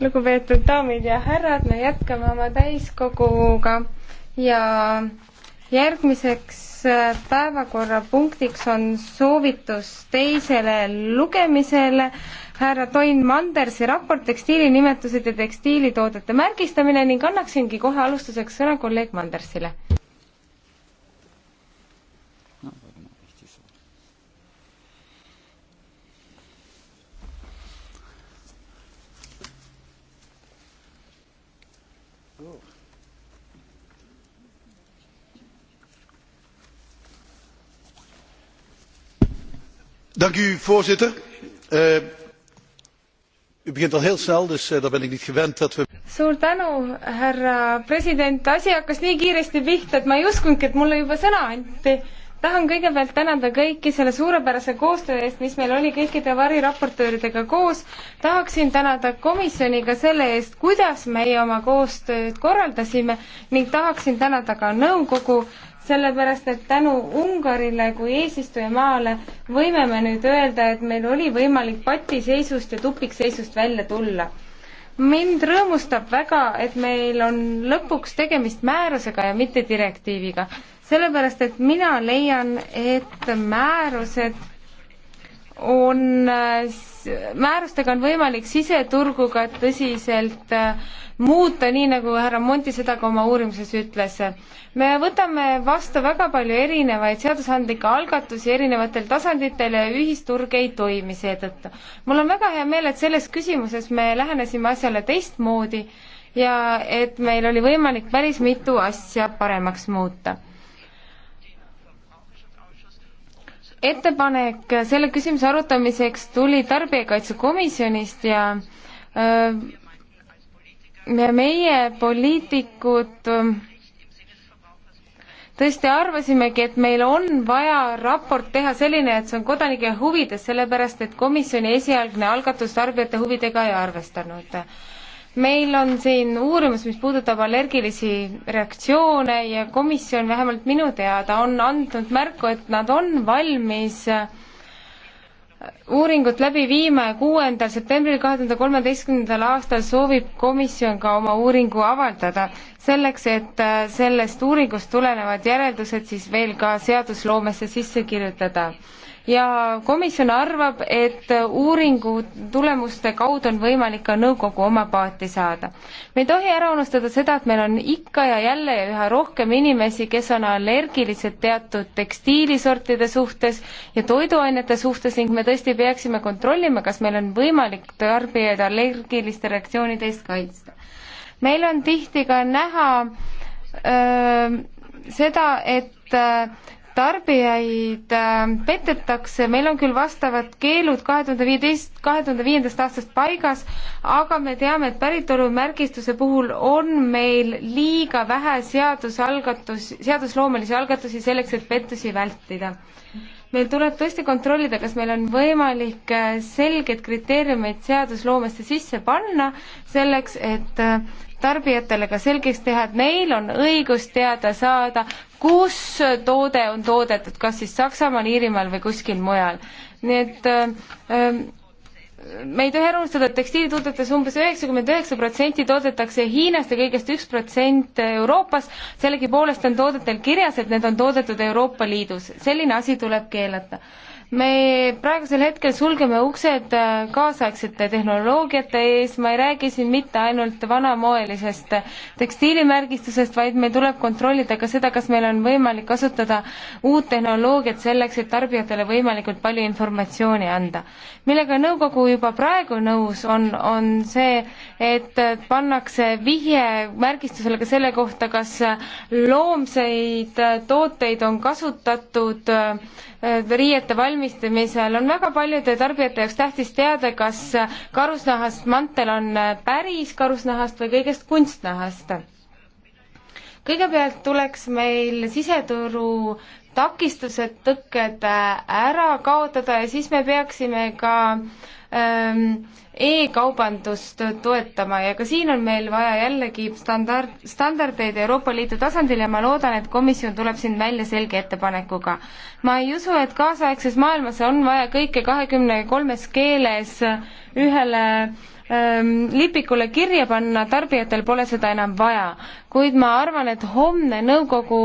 lugupeetud daamid ja härrad, me jätkame oma täiskoguga ja järgmiseks äh, päevakorrapunktiks on soovitus teisele lugemisele härra Toin Mandersi raport tekstiilinimetused ja tekstiilitoodete märgistamine ning annaksingi kohe alustuseks sõna kolleeg Mandersile voorzitter eh, u begint al heel snel dus eh, dat ben ik niet gewend dat we. suur tänu härra president asi hakkas nii kiiresti pihta et ma ei uskunudki et mulle juba sõna anti tahan kõigepealt tänada kõiki selle suurepärase koostöö eest mis meil oli kõikide variraportööridega koos tahaksin tänada komisjoni ka selle eest kuidas meie oma koostööd korraldasime ning tahaksin tänada ka nõukogu sellepärast et tänu Ungarile kui eesistujamaale võime me nüüd öelda, et meil oli võimalik patiseisust ja tupikseisust välja tulla. mind rõõmustab väga, et meil on lõpuks tegemist määrusega ja mitte direktiiviga, sellepärast et mina leian, et määrused on, määrustega on võimalik siseturgu ka tõsiselt äh, muuta, nii nagu härra Monti seda ka oma uurimuses ütles. me võtame vastu väga palju erinevaid seadusandlikke algatusi erinevatel tasanditel ja ühisturg ei toimi seetõttu. mul on väga hea meel, et selles küsimuses me lähenesime asjale teistmoodi ja et meil oli võimalik päris mitu asja paremaks muuta ettepanek selle küsimuse arutamiseks tuli Tarbijakaitsekomisjonist ja öö, meie poliitikud ähm, tõesti arvasimegi, et meil on vaja raport teha selline, et see on kodanike huvides, sellepärast et komisjoni esialgne algatus tarbijate huvidega ei arvestanud. meil on siin uurimus, mis puudutab allergilisi reaktsioone ja komisjon vähemalt minu teada on andnud märku, et nad on valmis äh, uuringut läbi viima ja kuuendal septembril kahe tuhande kolmeteistkümnendal aastal soovib komisjon ka oma uuringu avaldada, selleks et äh, sellest uuringust tulenevad järeldused siis veel ka seadusloomesse sisse kirjutada ja komisjon arvab, et uuringu tulemuste kaudu on võimalik ka nõukogu oma paati saada. me ei tohi ära unustada seda, et meil on ikka ja jälle ja üha rohkem inimesi, kes on allergilised teatud tekstiilisortide suhtes ja toiduainete suhtes ning me tõesti peaksime kontrollima, kas meil on võimalik tarbijaid allergiliste reaktsioonide eest kaitsta. meil on tihti ka näha öö, seda, et tarbijaid äh, petetakse, meil on küll vastavad keelud kahe tuhande viieteist, kahe tuhande viiendast aastast paigas, aga me teame, et päritolumärgistuse puhul on meil liiga vähe seadusalgatus, seadusloomelisi algatusi selleks, et pettusi vältida. meil tuleb tõesti kontrollida, kas meil on võimalik äh, selged kriteeriumid seadusloomesse sisse panna, selleks et äh, tarbijatele ka selgeks teha, et neil on õigus teada saada, kus toode on toodetud, kas siis Saksamaal, Iirimaal või kuskil mujal. nii et äh, me ei tohi unustada, et tekstiilitoodetes umbes üheksakümmend üheksa protsenti toodetakse Hiinast ja kõigest üks protsent Euroopas, sellegipoolest on toodetel kirjas, et need on toodetud Euroopa Liidus. selline asi tuleb keelata me praegusel hetkel sulgeme uksed äh, kaasaegsete tehnoloogiate ees, ma ei räägi siin mitte ainult vanamoelisest tekstiilimärgistusest, vaid meil tuleb kontrollida ka seda, kas meil on võimalik kasutada uut tehnoloogiat selleks, et tarbijatele võimalikult palju informatsiooni anda. millega nõukogu juba praegu nõus on, on see, et pannakse vihje märgistusele ka selle kohta, kas loomseid tooteid on kasutatud äh, Äh, riiete valmistamisel. on väga paljude tarbijate jaoks tähtis teada, kas karusnahast mantel on äh, päris karusnahast või kõigest kunstnahast. kõigepealt tuleks meil siseturu takistused, tõkked äh, ära kaotada ja siis me peaksime ka äh, Ähm, e-kaubandust toetama ja ka siin on meil vaja jällegi standard, standardeid Euroopa Liidu tasandil ja ma loodan, et komisjon tuleb siin välja selge ettepanekuga. ma ei usu, et kaasaegses maailmas on vaja kõike kahekümne kolmes keeles ühele ähm, lipikule kirja panna, tarbijatel pole seda enam vaja. kuid ma arvan, et homne nõukogu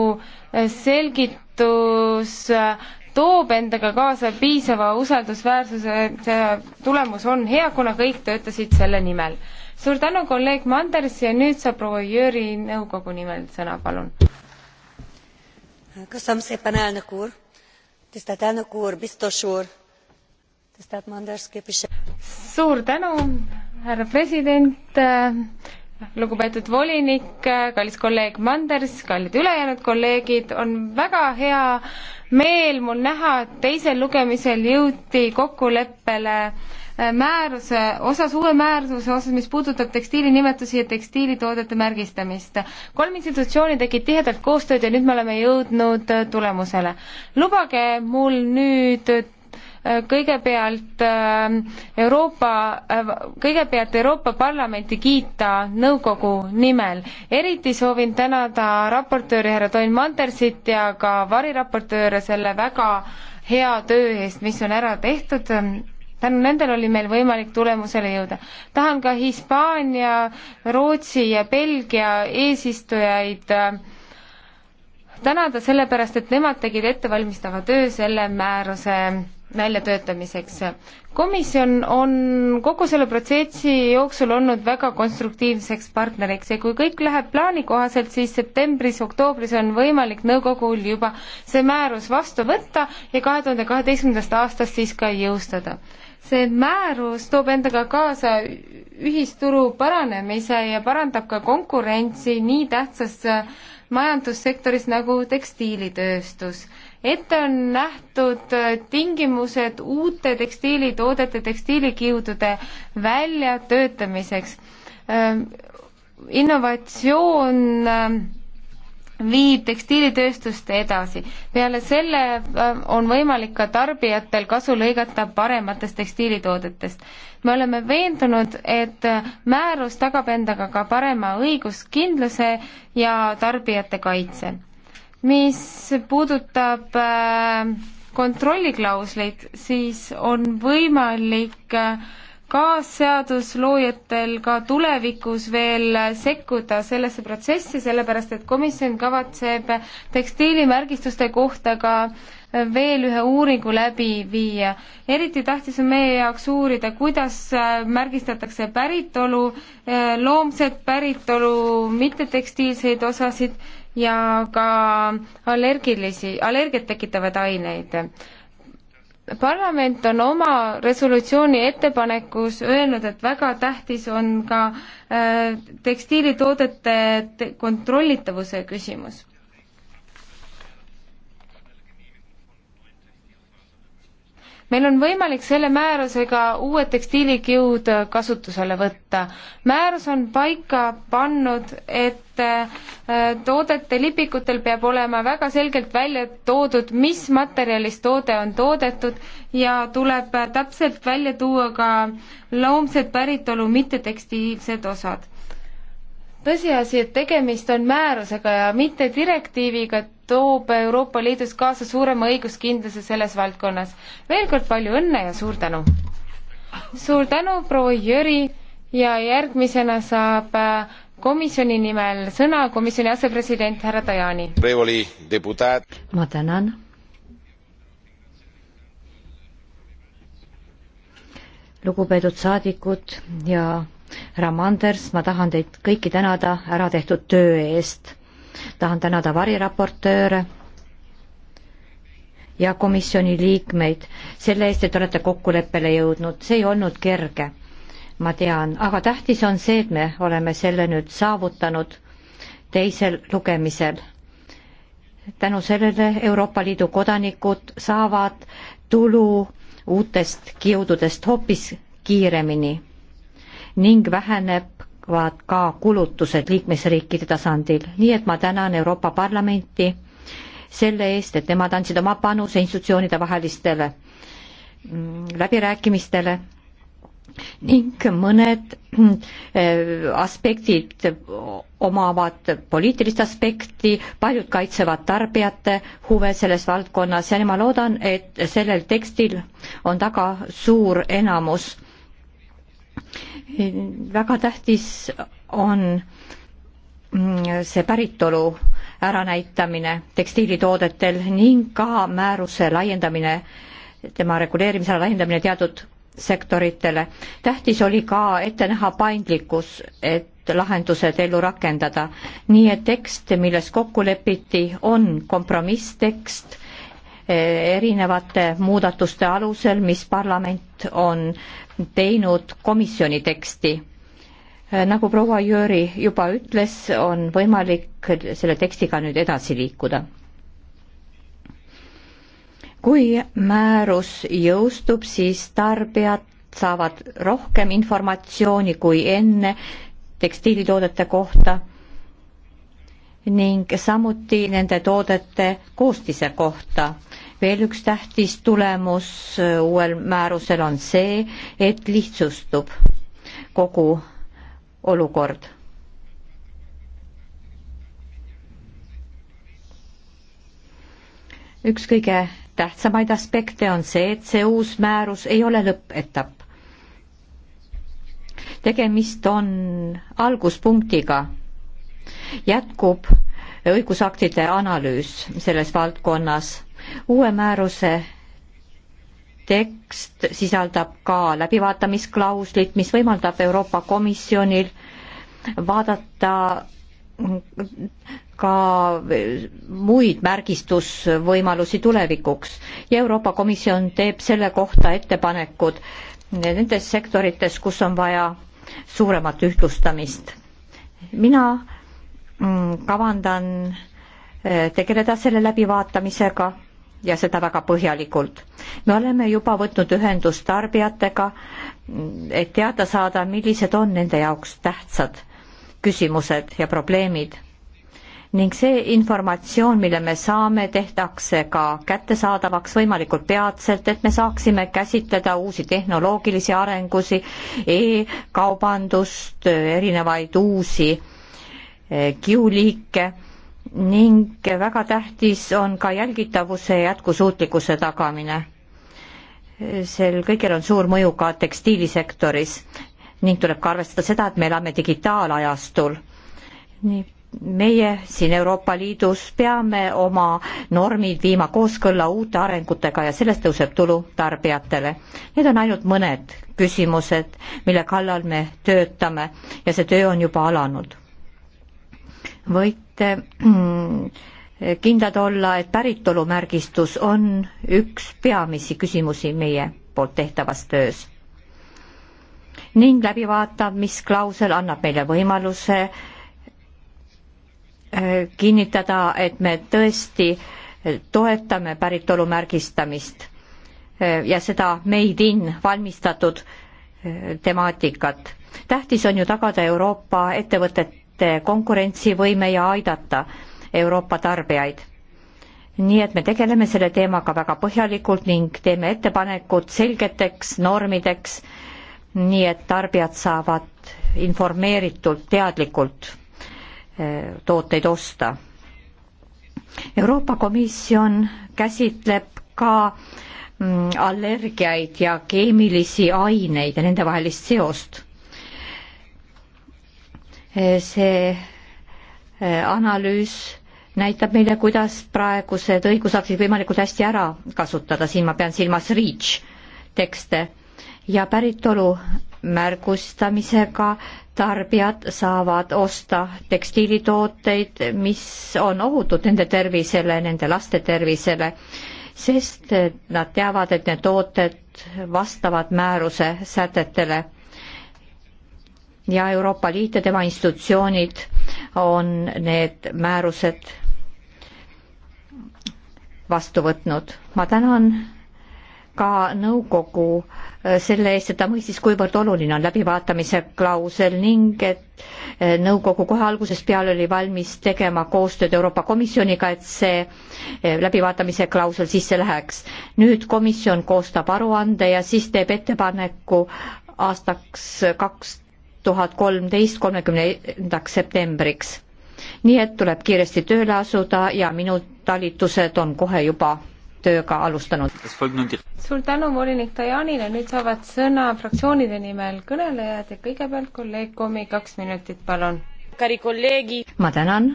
äh, selgitus toob endaga kaasa piisava usaldusväärsuse, see tulemus on hea, kuna kõik töötasid selle nimel. suur tänu, kolleeg Manders ja nüüd saab proua Jüri nõukogu nimel sõna, palun. köszönöm szépen, elnök úr, tisztelt elnök úr, biztos úr, tisztelt Manders képviselő. suur tänu, härra president äh,, lugupeetud volinik, kallis kolleeg Manders, kallid ülejäänud kolleegid, on väga hea meel mul näha, et teisel lugemisel jõuti kokkuleppele äh, määruse osas, uue määruse osas, mis puudutab tekstiilinimetusi ja tekstiilitoodete märgistamist. kolm institutsiooni tegid tihedalt koostööd ja nüüd me oleme jõudnud äh, tulemusele. lubage mul nüüd kõigepealt äh, Euroopa, äh, kõigepealt Euroopa Parlamenti kiita nõukogu nimel. eriti soovin tänada raportööri härra Toin Mandersit ja ka variraportööre selle väga hea töö eest, mis on ära tehtud tänu nendele oli meil võimalik tulemusele jõuda. tahan ka Hispaania, Rootsi ja Belgia eesistujaid äh, tänada selle pärast, et nemad tegid ettevalmistava töö selle määruse väljatöötamiseks. komisjon on kogu selle protsessi jooksul olnud väga konstruktiivseks partneriks ja kui kõik läheb plaani kohaselt, siis septembris-oktoobris on võimalik nõukogul juba see määrus vastu võtta ja kahe tuhande kaheteistkümnendast aastast siis ka jõustada. see määrus toob endaga kaasa ühisturu paranemise ja parandab ka konkurentsi nii tähtsas majandussektoris nagu tekstiilitööstus ette on nähtud äh, tingimused uute tekstiilitoodete, tekstiilikiudude väljatöötamiseks. Ähm, innovatsioon ähm, viib tekstiilitööstust edasi. peale selle äh, on võimalik ka tarbijatel kasu lõigata parematest tekstiilitoodetest. me oleme veendunud, et äh, määrus tagab endaga ka parema õiguskindluse ja tarbijate kaitse mis puudutab äh, kontrolliklausleid, siis on võimalik äh, kaasseadusloojatel ka tulevikus veel äh, sekkuda sellesse protsessi, sellepärast et komisjon kavatseb tekstiilimärgistuste kohta ka veel ühe uuringu läbi viia. eriti tähtis on meie jaoks uurida, kuidas märgistatakse päritolu, loomset päritolu, mittetekstiilseid osasid ja ka allergilisi, allergiat tekitavaid aineid. parlament on oma resolutsiooni ettepanekus öelnud, et väga tähtis on ka äh, tekstiilitoodete kontrollitavuse küsimus meil on võimalik selle määrusega uued tekstiilikiud kasutusele võtta. määrus on paika pannud, et äh, toodete lipikutel peab olema väga selgelt välja toodud, mis materjalist toode on toodetud ja tuleb täpselt välja tuua ka loomset päritolu mittetekstiilsed osad tõsiasi, et tegemist on määrusega ja mitte direktiiviga, toob Euroopa Liidus kaasa suurema õiguskindluse selles valdkonnas. veel kord palju õnne ja suur tänu! suur tänu, proua Jüri ja järgmisena saab äh, komisjoni nimel sõna komisjoni asepresident härra Tajani. ma tänan. lugupeetud saadikud ja härra Manders, ma tahan teid kõiki tänada ära tehtud töö eest tahan tänada variraportööre ja komisjoni liikmeid selle eest, et olete kokkuleppele jõudnud, see ei olnud kerge, ma tean, aga tähtis on see, et me oleme selle nüüd saavutanud teisel lugemisel. tänu sellele Euroopa Liidu kodanikud saavad tulu uutest kiududest hoopis kiiremini ning väheneb kaasnevad ka kulutused liikmesriikide tasandil, nii et ma tänan Euroopa Parlamenti selle eest, et nemad andsid oma panuse institutsioonide vahelistele mm, läbirääkimistele ning mõned mm, aspektid omavad poliitilist aspekti, paljud kaitsevad tarbijate huve selles valdkonnas ja ma loodan, et sellel tekstil on taga suur enamus väga tähtis on mm, see päritolu äranäitamine tekstiilitoodetel ning ka määruse laiendamine, tema reguleerimisala laiendamine teatud sektoritele. tähtis oli ka ette näha paindlikkus, et lahendused ellu rakendada. nii et tekst, milles kokku lepiti, on kompromisstekst erinevate muudatuste alusel, mis parlament on teinud komisjoni teksti. nagu proua Jüri juba ütles, on võimalik selle tekstiga nüüd edasi liikuda. kui määrus jõustub, siis tarbijad saavad rohkem informatsiooni kui enne tekstiilitoodete kohta ning samuti nende toodete koostise kohta. veel üks tähtis tulemus äh, uuel määrusel on see, et lihtsustub kogu olukord. üks kõige tähtsamaid aspekte on see, et see uus määrus ei ole lõppetapp. tegemist on alguspunktiga jätkub õigusaktide analüüs selles valdkonnas. uue määruse tekst sisaldab ka läbivaatamisklauslit, mis võimaldab Euroopa Komisjonil vaadata ka muid märgistusvõimalusi tulevikuks ja Euroopa Komisjon teeb selle kohta ettepanekud nendes sektorites, kus on vaja suuremat ühtlustamist. mina Mm, kavandan eh, tegeleda selle läbivaatamisega ja seda väga põhjalikult. me oleme juba võtnud ühendust tarbijatega, mm, et teada saada, millised on nende jaoks tähtsad küsimused ja probleemid. ning see informatsioon, mille me saame, tehtakse ka kättesaadavaks võimalikult peatselt, et me saaksime käsitleda uusi tehnoloogilisi arengusi e, e-kaubandust, erinevaid uusi kiuliike ning väga tähtis on ka jälgitavuse ja jätkusuutlikkuse tagamine. sel kõigil on suur mõju ka tekstiilisektoris ning tuleb ka arvestada seda, et me elame digitaalajastul. nii, meie siin Euroopa Liidus peame oma normid viima kooskõlla uute arengutega ja sellest tõuseb tulu tarbijatele. Need on ainult mõned küsimused, mille kallal me töötame ja see töö on juba alanud võite kindlad olla, et päritolumärgistus on üks peamisi küsimusi meie poolt tehtavas töös. ning läbi vaatab, mis klausel annab meile võimaluse äh, kinnitada, et me tõesti toetame päritolumärgistamist äh, ja seda made in valmistatud äh, temaatikat. tähtis on ju tagada Euroopa ettevõtete nende konkurentsivõime ja aidata Euroopa tarbijaid. nii et me tegeleme selle teemaga väga põhjalikult ning teeme ettepanekud selgeteks normideks, nii et tarbijad saavad informeeritult, teadlikult eh, tooteid osta. Euroopa Komisjon käsitleb ka mm, allergiaid ja keemilisi aineid ja nendevahelist seost see e, analüüs näitab meile, kuidas praegused õigusaktid võimalikult hästi ära kasutada, siin ma pean silmas REACH tekste ja päritolu märgustamisega tarbijad saavad osta tekstiilitooteid, mis on ohutud nende tervisele, nende laste tervisele, sest nad teavad, et need tooted vastavad määruse sätetele ja Euroopa Liit ja tema institutsioonid on need määrused vastu võtnud. ma tänan ka nõukogu äh, selle eest, et ta mõistis, kuivõrd oluline on läbivaatamise klausel ning et äh, nõukogu kohe algusest peale oli valmis tegema koostööd Euroopa Komisjoniga, et see äh, läbivaatamise klausel sisse läheks. nüüd komisjon koostab aruande ja siis teeb ettepaneku aastaks kaks tuhat kolmteist kolmekümnendaks septembriks. nii et tuleb kiiresti tööle asuda ja minu talitused on kohe juba tööga alustanud. suur tänu volinik Dajanile, nüüd saavad sõna fraktsioonide nimel kõnelejad ja kõigepealt kolleeg Komi, kaks minutit, palun. ma tänan,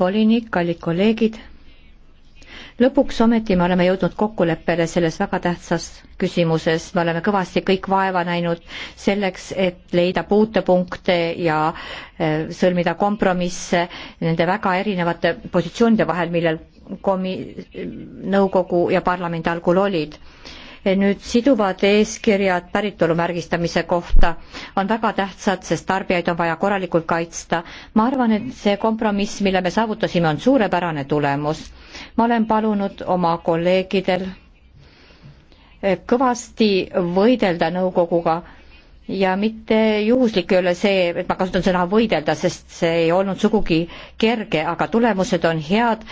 volinik, kallid kolleegid lõpuks ometi me oleme jõudnud kokkuleppele selles väga tähtsas küsimuses, me oleme kõvasti kõik vaeva näinud selleks, et leida puutepunkte ja eh, sõlmida kompromisse nende väga erinevate positsioonide vahel, millel komi-, nõukogu ja parlament algul olid nüüd siduvad eeskirjad päritolu märgistamise kohta on väga tähtsad, sest tarbijaid on vaja korralikult kaitsta. ma arvan, et see kompromiss, mille me saavutasime, on suurepärane tulemus. ma olen palunud oma kolleegidel eh, kõvasti võidelda nõukoguga ja mitte juhuslik ei ole see, et ma kasutan sõna võidelda, sest see ei olnud sugugi kerge, aga tulemused on head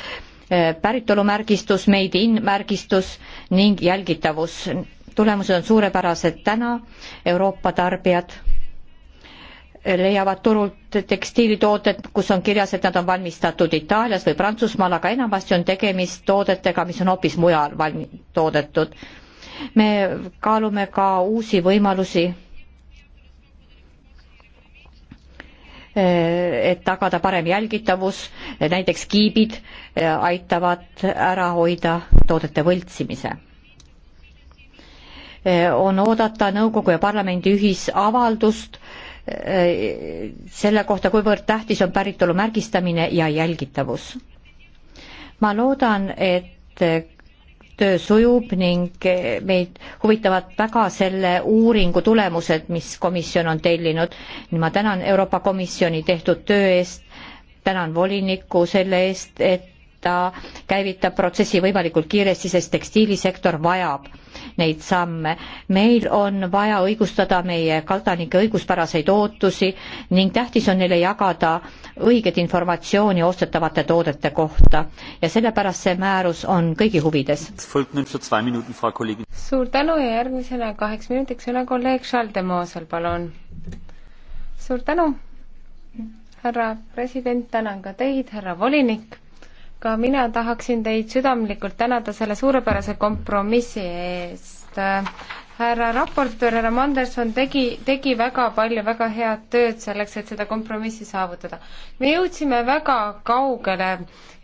Äh, päritolumärgistus, made in märgistus ning jälgitavus. tulemused on suurepärased täna, Euroopa tarbijad äh, leiavad turult tekstiilitooted, kus on kirjas, et nad on valmistatud Itaalias või Prantsusmaal, aga enamasti on tegemist toodetega, mis on hoopis mujal valmi-, toodetud. me kaalume ka uusi võimalusi Eh, et tagada parem jälgitavus, eh, näiteks kiibid eh, aitavad ära hoida toodete võltsimise. on oodata nõukogu ja parlamendi ühisavaldust selle kohta, kuivõrd tähtis on päritolu märgistamine ja jälgitavus. ma loodan, et töö sujub ning eh, meid huvitavad väga selle uuringu tulemused, mis komisjon on tellinud. ma tänan Euroopa Komisjoni tehtud töö eest, tänan volinikku selle eest, et ta käivitab protsessi võimalikult kiiresti, sest tekstiilisektor vajab neid samme. meil on vaja õigustada meie kaldanike õiguspäraseid ootusi ning tähtis on neile jagada õiget informatsiooni ostetavate toodete kohta ja sellepärast see määrus on kõigi huvides. suur tänu ja järgmisena kaheks minutiks sõna kolleeg Charles de Mosel, palun. suur tänu, härra president, tänan ka teid, härra volinik ka mina tahaksin teid südamlikult tänada selle suurepärase kompromissi eest. härra raportöör, härra Manderson tegi, tegi väga palju väga head tööd selleks, et seda kompromissi saavutada. me jõudsime väga kaugele,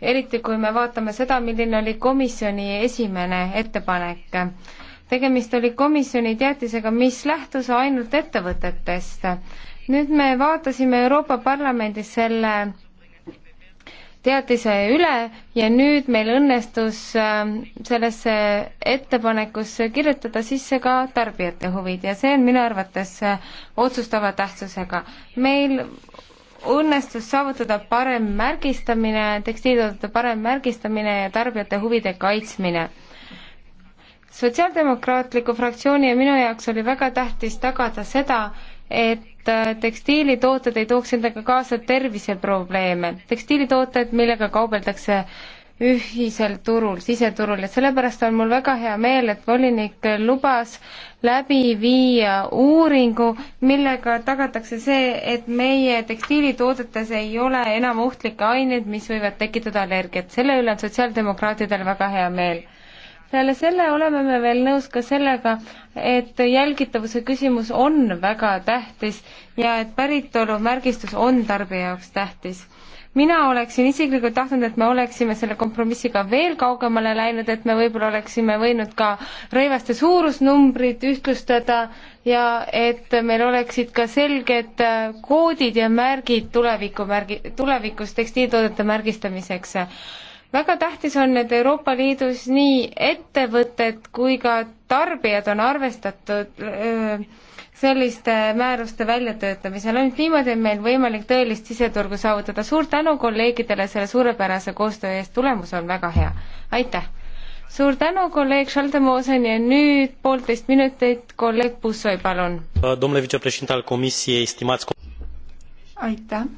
eriti kui me vaatame seda, milline oli komisjoni esimene ettepanek. tegemist oli komisjoni teatisega, mis lähtus ainult ettevõtetest. nüüd me vaatasime Euroopa Parlamendis selle teatise üle ja nüüd meil õnnestus ähm, sellesse ettepanekusse kirjutada sisse ka tarbijate huvid ja see on minu arvates äh, otsustava tähtsusega. meil õnnestus saavutada parem märgistamine, tekstiilitoodete parem märgistamine ja tarbijate huvide kaitsmine. sotsiaaldemokraatliku fraktsiooni ja minu jaoks oli väga tähtis tagada seda, et äh, tekstiilitooted ei tooks endaga kaasa terviseprobleeme. tekstiilitooted, millega kaubeldakse ühisel turul, siseturul ja sellepärast on mul väga hea meel, et volinik lubas läbi viia uuringu, millega tagatakse see, et meie tekstiilitoodetes ei ole enam ohtlikke aineid, mis võivad tekitada allergiat. selle üle on sotsiaaldemokraatidel väga hea meel peale selle oleme me veel nõus ka sellega, et jälgitavuse küsimus on väga tähtis ja et päritolumärgistus on tarbija jaoks tähtis mina oleksin isiklikult tahtnud, et me oleksime selle kompromissiga veel kaugemale läinud, et me võib-olla oleksime võinud ka rõivaste suurusnumbrid ühtlustada ja et meil oleksid ka selged äh, koodid ja märgid tuleviku märgi, tulevikus tekstiiltoodete märgistamiseks väga tähtis on, et Euroopa Liidus nii ettevõtted kui ka tarbijad on arvestatud öö, selliste määruste väljatöötamisel, ainult niimoodi on meil võimalik tõelist siseturgu saavutada. suur tänu kolleegidele selle suurepärase koostöö eest, tulemus on väga hea, aitäh! suur tänu, kolleeg Schaldemosen ja nüüd poolteist minutit, kolleeg Bussoi, palun! aitäh!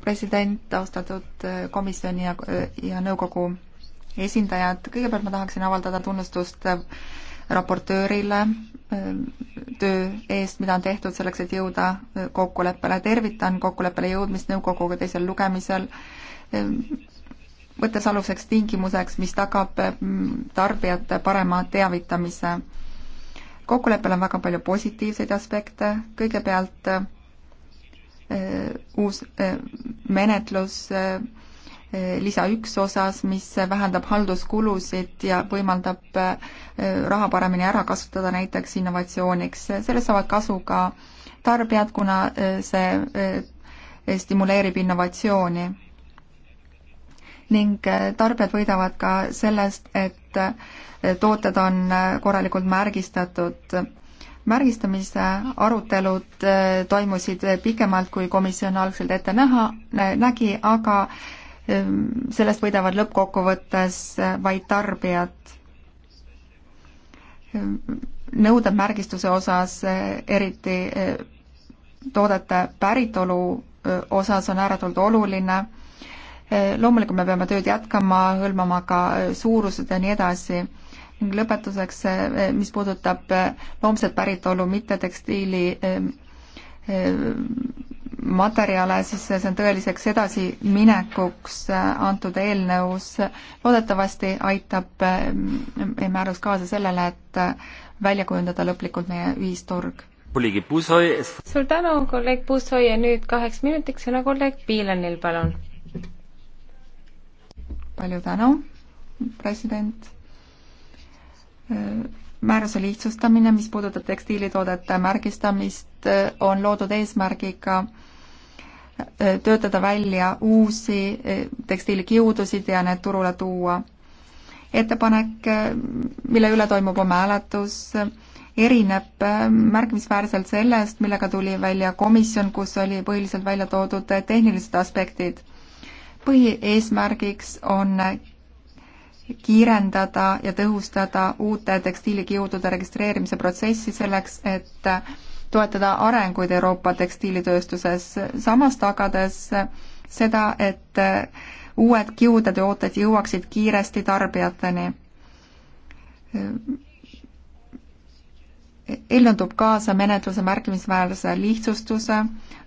president, austatud äh, komisjoni ja, äh, ja nõukogu esindajad, kõigepealt ma tahaksin avaldada tunnustust äh, raportöörile töö eest, mida on tehtud selleks, et jõuda kokkuleppele. tervitan kokkuleppele jõudmist nõukoguga teisel lugemisel, võttes aluseks tingimuseks, mis tagab tarbijate parema teavitamise. kokkuleppel on väga palju positiivseid aspekte, kõigepealt Äh, uus äh, menetlus äh, lisa üks osas, mis vähendab halduskulusid ja võimaldab raha paremini ära kasutada näiteks innovatsiooniks. sellest saavad kasu ka tarbijad, kuna see stimuleerib innovatsiooni. ning tarbijad võidavad ka sellest, et tooted on korralikult märgistatud märgistamise arutelud äh, toimusid äh, pikemalt, kui komisjon algselt ette näha, nägi, aga ähm, sellest võidavad lõppkokkuvõttes äh, vaid tarbijad. Ähm, nõuded märgistuse osas, eriti toodete päritolu osas on ääretult oluline. loomulikult me peame tööd jätkama, hõlmama ka suurused ja nii edasi ning lõpetuseks, eh, eh, mis puudutab loomset eh, päritolu mittetekstiili materjale, siis see on tõeliseks edasiminekuks antud eelnõus. loodetavasti aitab meie määrus kaasa sellele, et välja kujundada lõplikult meie ühisturg. suur tänu, kolleeg Puusoi ja nüüd kaheks minutiks sõna kolleeg Piilanil, palun. palju tänu, president määruse lihtsustamine, mis puudutab tekstiilitoodete märgistamist, on loodud eesmärgiga äh, töötada välja uusi äh, tekstiilikiudusid ja need turule tuua. ettepanek, äh, mille üle toimub homme hääletus, erineb märkimisväärselt sellest, millega tuli välja komisjon, kus oli põhiliselt välja toodud tehnilised aspektid põhieesmärgiks on kiirendada ja tõhustada uute tekstiilikiudude registreerimise protsessi selleks, et toetada arenguid Euroopa tekstiilitööstuses, samas tagades seda, et uued kiudetooted jõuaksid kiiresti tarbijateni eelnõu toob kaasa menetluse märkimisväärse lihtsustuse,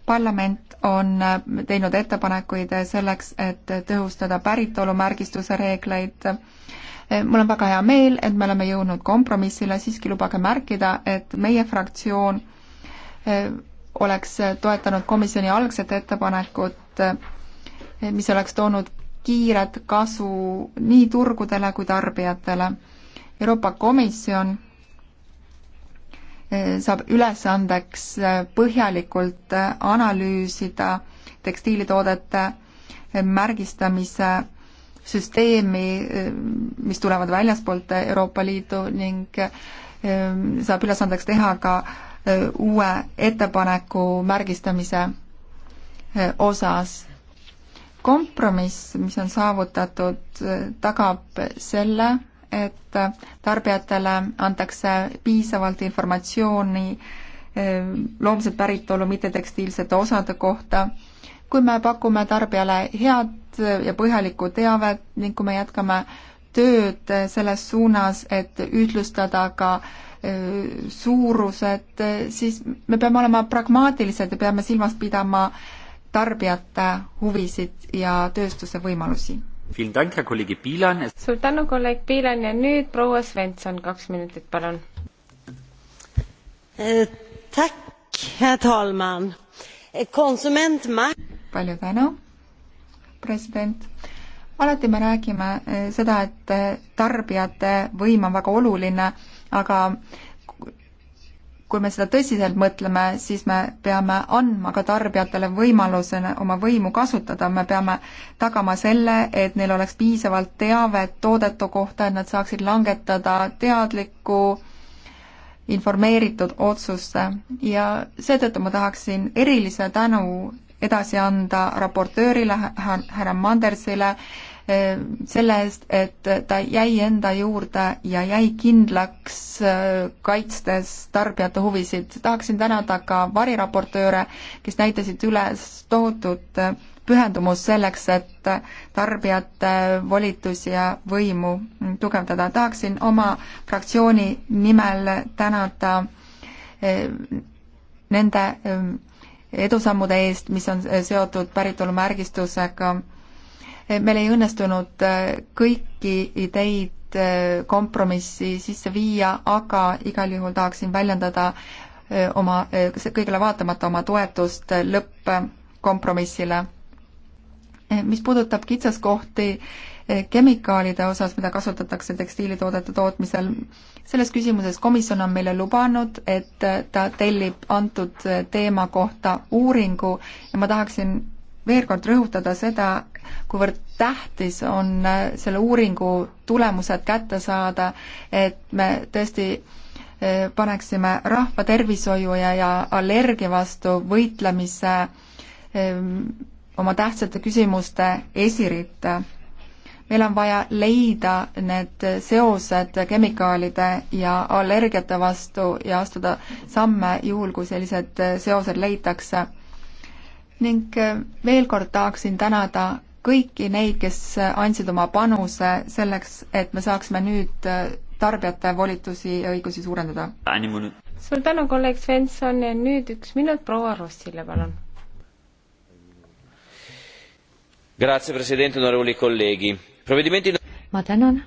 parlament on äh, teinud ettepanekuid selleks, et tõhustada päritolumärgistuse reegleid, äh, mul on väga hea meel, et me oleme jõudnud kompromissile, siiski lubage märkida, et meie fraktsioon äh, oleks toetanud komisjoni algset ettepanekut, mis oleks toonud kiiret kasu nii turgudele kui tarbijatele. Euroopa Komisjon saab ülesandeks äh, põhjalikult äh, analüüsida tekstiilitoodete äh, märgistamise süsteemi, mis tulevad väljaspoolt Euroopa Liitu ning saab ülesandeks teha ka uue ettepaneku märgistamise osas. kompromiss, mis on saavutatud, tagab selle, et tarbijatele antakse piisavalt informatsiooni eh, loomset päritolu mittetekstiilsete osade kohta. kui me pakume tarbijale head ja põhjalikku teavet ning kui me jätkame tööd selles suunas, et ühtlustada ka eh, suurused, siis me peame olema pragmaatilised ja peame silmas pidama tarbijate huvisid ja tööstuse võimalusi suur tänu, kolleeg Piilan ja nüüd proua Svensson, kaks minutit, palun eh,. herr talman. Eh, konsumentmakt. palju tänu, president alati me räägime eh, seda, et eh, tarbijate võim on väga oluline, aga kui me seda tõsiselt mõtleme, siis me peame andma ka tarbijatele võimaluse oma võimu kasutada, me peame tagama selle, et neil oleks piisavalt teavet toodete kohta, et nad saaksid langetada teadlikku informeeritud otsuste ja seetõttu ma tahaksin erilise tänu edasi anda raportöörile, härra Mandersile, selle eest, et ta jäi enda juurde ja jäi kindlaks, äh, kaitstes tarbijate huvisid. tahaksin tänada ka variraportööre, kes näitasid üles tohutut äh, pühendumus selleks, et tarbijate volitusi ja võimu tugevdada. tahaksin oma fraktsiooni nimel tänada äh, nende edusammude eest, mis on seotud päritolumärgistusega meil ei õnnestunud äh, kõiki ideid äh, kompromissi sisse viia, aga igal juhul tahaksin väljendada äh, oma, kõigele vaatamata oma toetust lõppkompromissile. mis puudutab kitsaskohti kemikaalide osas, mida kasutatakse tekstiilitoodete tootmisel, selles küsimuses komisjon on meile lubanud, et ta tellib antud teema kohta uuringu ja ma tahaksin veel kord rõhutada seda, kuivõrd tähtis on äh, selle uuringu tulemused kätte saada, et me tõesti äh, paneksime rahvatervishoiu ja, ja allergia vastu võitlemise ähm, oma tähtsate küsimuste esiritta. meil on vaja leida need seosed kemikaalide ja allergiate vastu ja astuda samme juhul, kui sellised äh, seosed leitakse ning äh, veel kord tahaksin tänada kõiki neid, kes andsid oma panuse selleks, et me saaksime nüüd äh, tarbijate volitusi ja õigusi suurendada. suur tänu, kolleeg Svensson ja nüüd üks minut proua Rossile, palun. ma tänan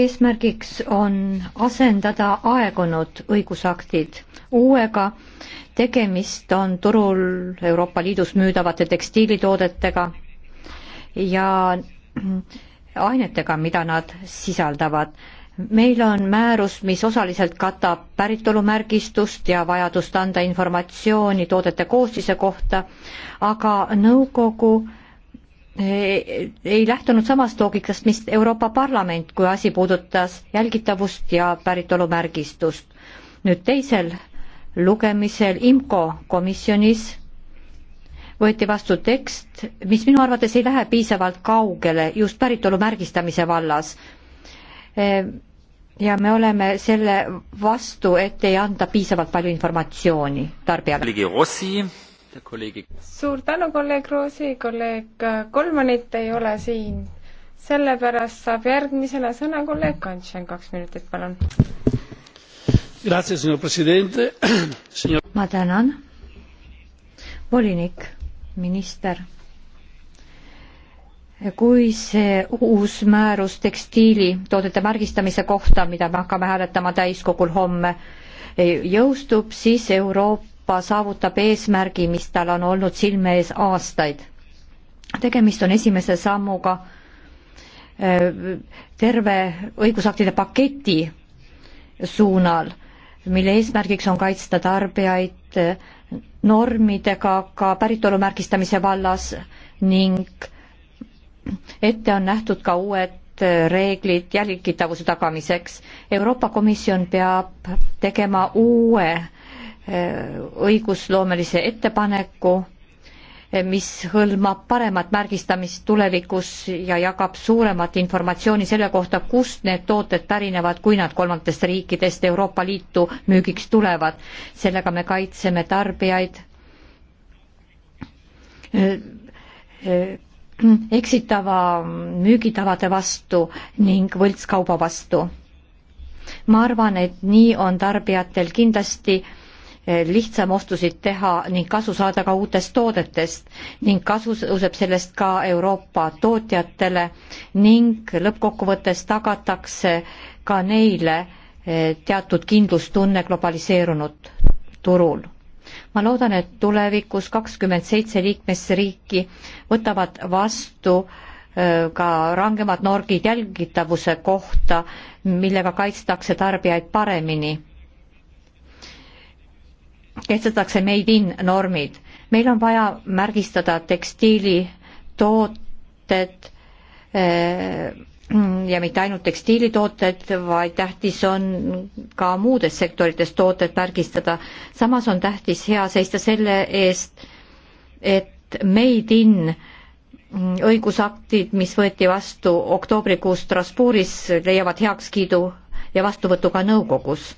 eesmärgiks on asendada aegunud õigusaktid uuega. tegemist on turul Euroopa Liidus müüdavate tekstiilitoodetega ja ainetega, mida nad sisaldavad. meil on määrus, mis osaliselt katab päritolumärgistust ja vajadust anda informatsiooni toodete koostise kohta, aga nõukogu äh, ei, ei lähtunud samast loogikast, mis Euroopa Parlament, kui asi puudutas jälgitavust ja päritolumärgistust. nüüd teisel lugemisel IMCO komisjonis võeti vastu tekst, mis minu arvates ei lähe piisavalt kaugele just päritolu märgistamise vallas. ja me oleme selle vastu, et ei anda piisavalt palju informatsiooni tarbijale suur tänu, kolleeg Roosi, kolleeg äh, Kolmanit ei ole siin. sellepärast saab järgmisena sõna kolleeg Kantšen, kaks minutit, palun. ma tänan. volinik, minister kui see uus määrus tekstiilitoodete märgistamise kohta, mida me hakkame hääletama täiskogul homme, jõustub, siis Euroopa Euroopa saavutab eesmärgi, mis tal on olnud silme ees aastaid. tegemist on esimese sammuga äh, terve õigusaktide paketi suunal, mille eesmärgiks on kaitsta tarbijaid äh, normidega ka päritolu märgistamise vallas ning ette on nähtud ka uued äh, reeglid jälgitavuse tagamiseks. Euroopa Komisjon peab tegema uue Eh, õigusloomelise ettepaneku, eh, mis hõlmab paremat märgistamist tulevikus ja jagab suuremat informatsiooni selle kohta, kust need tooted pärinevad, kui nad kolmandatest riikidest Euroopa Liitu müügiks tulevad. sellega me kaitseme tarbijaid eh, eksitava müügitavade vastu ning võltskauba vastu. ma arvan, et nii on tarbijatel kindlasti Eh, lihtsam ostusid teha ning kasu saada ka uutest toodetest ning kasu tõuseb sellest ka Euroopa tootjatele ning lõppkokkuvõttes tagatakse ka neile eh, teatud kindlustunne globaliseerunud turul. ma loodan, et tulevikus kakskümmend seitse liikmesriiki võtavad vastu eh, ka rangemad norgid jälgitavuse kohta, millega kaitstakse tarbijaid paremini kehtestatakse made in normid. meil on vaja märgistada tekstiilitooted eh, ja mitte ainult tekstiilitooted, vaid tähtis on ka muudes sektorites tooted märgistada. samas on tähtis hea seista selle eest, et made in õigusaktid, mis võeti vastu oktoobrikuus Strasbourgis, leiavad heakskiidu ja vastuvõtu ka nõukogus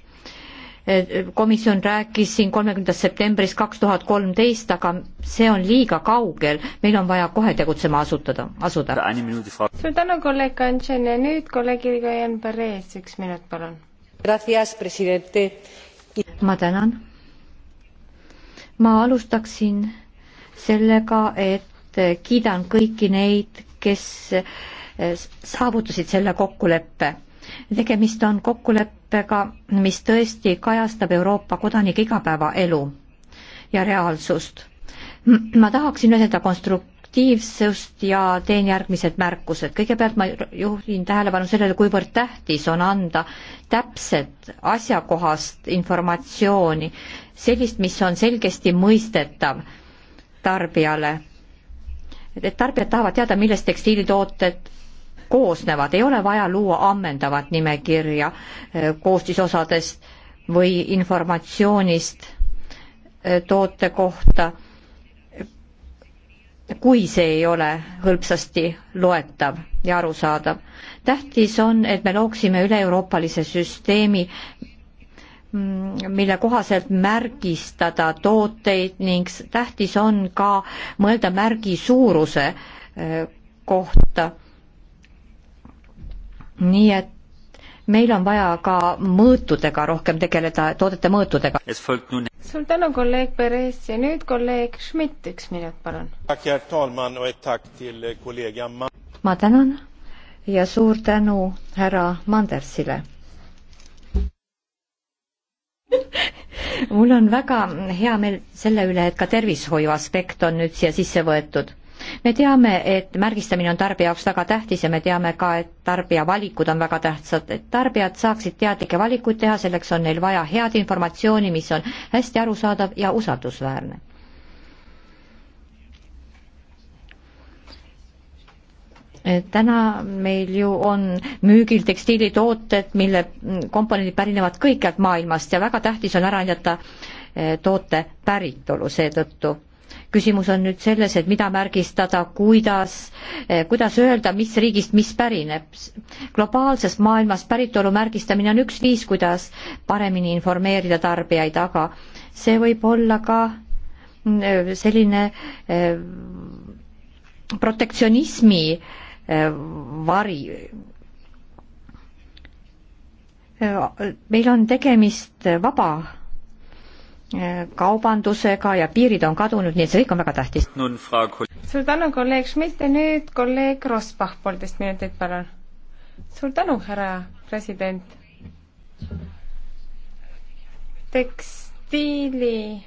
komisjon rääkis siin kolmekümnendast septembrist kaks tuhat kolmteist, aga see on liiga kaugel, meil on vaja kohe tegutsema asutada, asuda. suur tänu, kolleeg Kantšen ja nüüd kolleeg Irgojan Perez, üks minut, palun. ma tänan. ma alustaksin sellega, et kiidan kõiki neid, kes eh, saavutasid selle kokkuleppe tegemist on kokkuleppega, mis tõesti kajastab Euroopa kodanike igapäevaelu ja reaalsust. ma tahaksin ühendada konstruktiivsust ja teen järgmised märkused. kõigepealt ma juhin tähelepanu sellele, kuivõrd tähtis on anda täpset asjakohast informatsiooni, sellist, mis on selgesti mõistetav tarbijale. et tarbijad tahavad teada, millest tekstiilitooted koosnevad, ei ole vaja luua ammendavat nimekirja eh, koostisosadest või informatsioonist eh, toote kohta, kui see ei ole hõlpsasti loetav ja arusaadav. tähtis on, et me looksime üle-euroopalise süsteemi, mm, mille kohaselt märgistada tooteid ning tähtis on ka mõelda märgi suuruse eh, kohta nii et meil on vaja ka mõõtudega rohkem tegeleda, toodete mõõtudega. suur tänu, kolleeg Perez ja nüüd kolleeg Schmidt, üks minut, palun. Eh, ma tänan ja suur tänu härra Mandersile. mul on väga hea meel selle üle, et ka tervishoiu aspekt on nüüd siia sisse võetud me teame, et märgistamine on tarbija jaoks väga tähtis ja me teame ka, et tarbija valikud on väga tähtsad, et tarbijad saaksid teadlikke valikuid teha, selleks on neil vaja head informatsiooni, mis on hästi arusaadav ja usaldusväärne. täna meil ju on müügil tekstiilitooted, mille komponendid pärinevad kõikjalt maailmast ja väga tähtis on ära näidata eh, toote päritolu seetõttu küsimus on nüüd selles, et mida märgistada, kuidas, eh, kuidas öelda, mis riigist mis pärineb. globaalses maailmas päritolu märgistamine on üks viis, kuidas paremini informeerida tarbijaid, aga see võib olla ka eh, selline eh, protektsionismi vari. meil on tegemist vaba kaubandusega ja piirid on kadunud, nii et see kõik on väga tähtis. suur tänu, kolleeg Schmidt ja nüüd kolleeg Rosbach, poolteist minutit, palun. suur tänu, härra president. tekstiili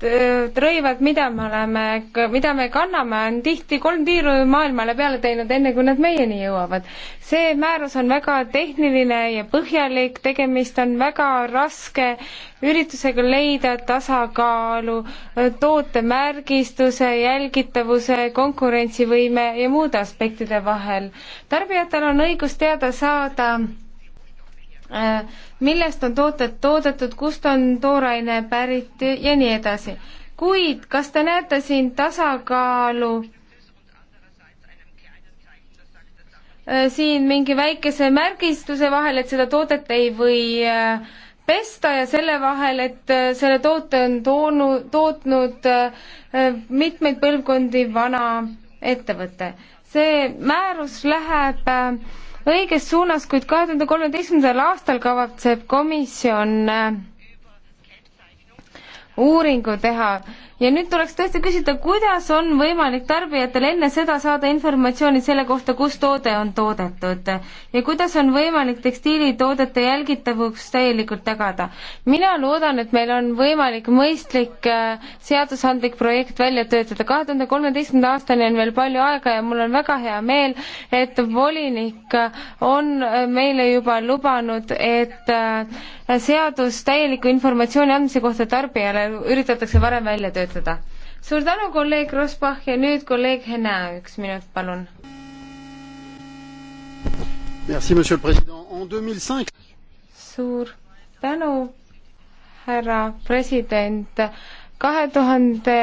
rõivad, mida me oleme, mida me kanname, on tihti kolm tiiru maailmale peale teinud, enne kui nad meieni jõuavad. see määrus on väga tehniline ja põhjalik, tegemist on väga raske üritusega leida tasakaalu toote märgistuse, jälgitavuse, konkurentsivõime ja muude aspektide vahel. tarbijatel on õigus teada saada, Äh, millest on tooted toodetud, kust on tooraine pärit ja nii edasi. kuid kas te näete siin tasakaalu äh, siin mingi väikese märgistuse vahel, et seda toodet ei või äh, pesta ja selle vahel, et selle toote on toonud, tootnud mitmeid põlvkondi vana ettevõte. see määrus läheb äh, õiges suunas, kuid kahe tuhande kolmeteistkümnendal aastal kavatseb komisjon äh, uuringu teha ja nüüd tuleks tõesti küsida, kuidas on võimalik tarbijatel enne seda saada informatsiooni selle kohta, kus toode on toodetud ja kuidas on võimalik tekstiilitoodete jälgitavus täielikult tagada. mina loodan, et meil on võimalik mõistlik äh, seadusandlik projekt välja töötada. kahe tuhande kolmeteistkümnenda aastani on veel palju aega ja mul on väga hea meel, et volinik äh, on äh, meile juba lubanud, et seadus täieliku informatsiooni andmise kohta tarbijale üritatakse varem välja töötada töötada. suur tänu, kolleeg Rosbach ja nüüd kolleeg Hene, üks minut, palun. suur tänu, härra president kahe tuhande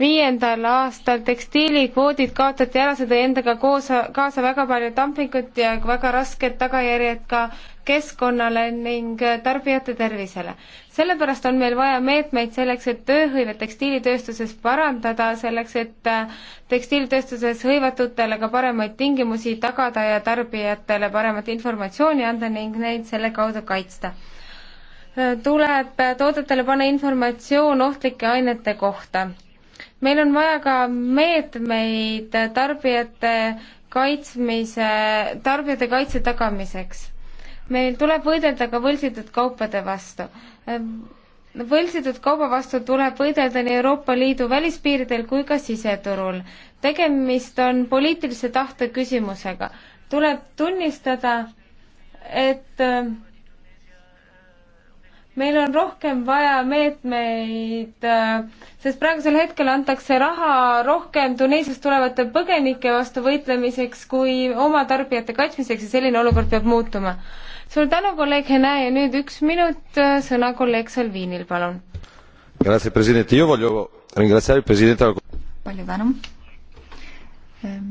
viiendal aastal tekstiilikvoodid kaotati ära, see tõi endaga koos, kaasa väga palju dumpingut ja väga rasked tagajärjed ka keskkonnale ning tarbijate tervisele. sellepärast on meil vaja meetmeid selleks, et tööhõive tekstiilitööstuses parandada, selleks, et tekstiilitööstuses hõivatutele ka paremaid tingimusi tagada ja tarbijatele paremat informatsiooni anda ning neid selle kaudu kaitsta tuleb toodetele panna informatsioon ohtlike ainete kohta. meil on vaja ka meetmeid tarbijate kaitsmise, tarbijate kaitse tagamiseks. meil tuleb võidelda ka võltsitud kaupade vastu. võltsitud kauba vastu tuleb võidelda nii Euroopa Liidu välispiiridel kui ka siseturul. tegemist on poliitilise tahte küsimusega. tuleb tunnistada, et äh, meil on rohkem vaja meetmeid, äh, sest praegusel hetkel antakse raha rohkem Tuneesiast tulevate põgenike vastu võitlemiseks kui oma tarbijate kaitsmiseks ja selline olukord peab muutuma. suur tänu, kolleeg Hene ja nüüd üks minut äh, sõna kolleeg Salvinil, palun. palju tänu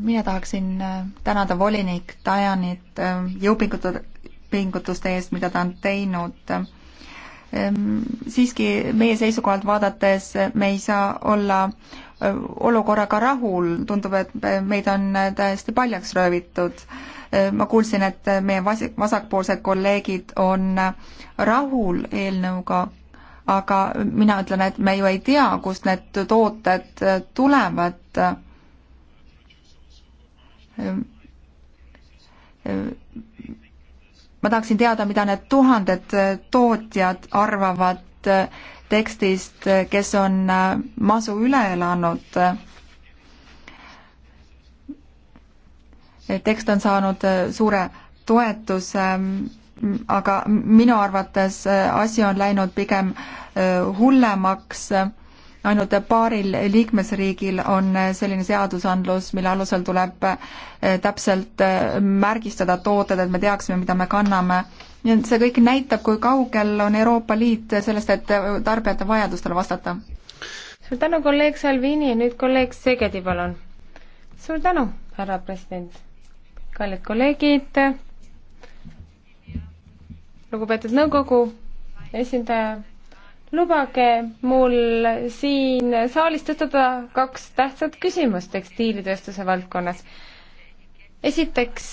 mina tahaksin äh, tänada volinik Dianit jõupingutuste eest, mida ta on teinud Ehm, siiski meie seisukohalt vaadates me ei saa olla olukorraga rahul, tundub, et meid on äh, täiesti paljaks röövitud. Ehm, ma kuulsin, et äh, meie vas-, vasakpoolsed kolleegid on äh, rahul eelnõuga, aga mina ütlen, et me ju ei tea, kust need tooted tulevad ehm, ma tahaksin teada, mida need tuhanded äh, tootjad arvavad äh, tekstist, äh, kes on masu üle elanud. tekst on saanud suure toetuse, aga minu arvates asi on läinud pigem hullemaks ainult paaril liikmesriigil on selline seadusandlus, mille alusel tuleb eh, täpselt eh, märgistada tooted, et me teaksime, mida me kanname. nii et see kõik näitab, kui kaugel on Euroopa Liit sellest, et tarbijate vajadustele vastata. suur tänu, kolleeg Salvini, nüüd kolleeg Segedi, palun. suur tänu, härra president. kallid kolleegid, lugupeetud nõukogu esindaja lubage mul siin saalis tõstada kaks tähtsat küsimust tekstiilitööstuse valdkonnas. esiteks,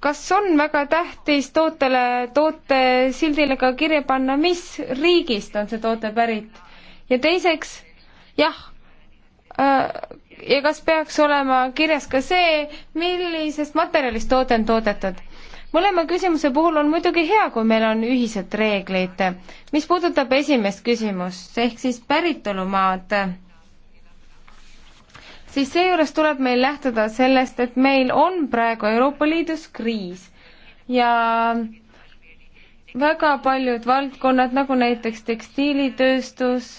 kas on väga tähtis tootele, toote sildile ka kirja panna, mis riigist on see toote pärit? ja teiseks, jah, ja kas peaks olema kirjas ka see, millisest materjalist toode on toodetud? mõlema küsimuse puhul on muidugi hea, kui meil on ühised reeglid. mis puudutab esimest küsimust, ehk siis päritolumaad, siis seejuures tuleb meil lähtuda sellest, et meil on praegu Euroopa Liidus kriis ja väga paljud valdkonnad, nagu näiteks tekstiilitööstus,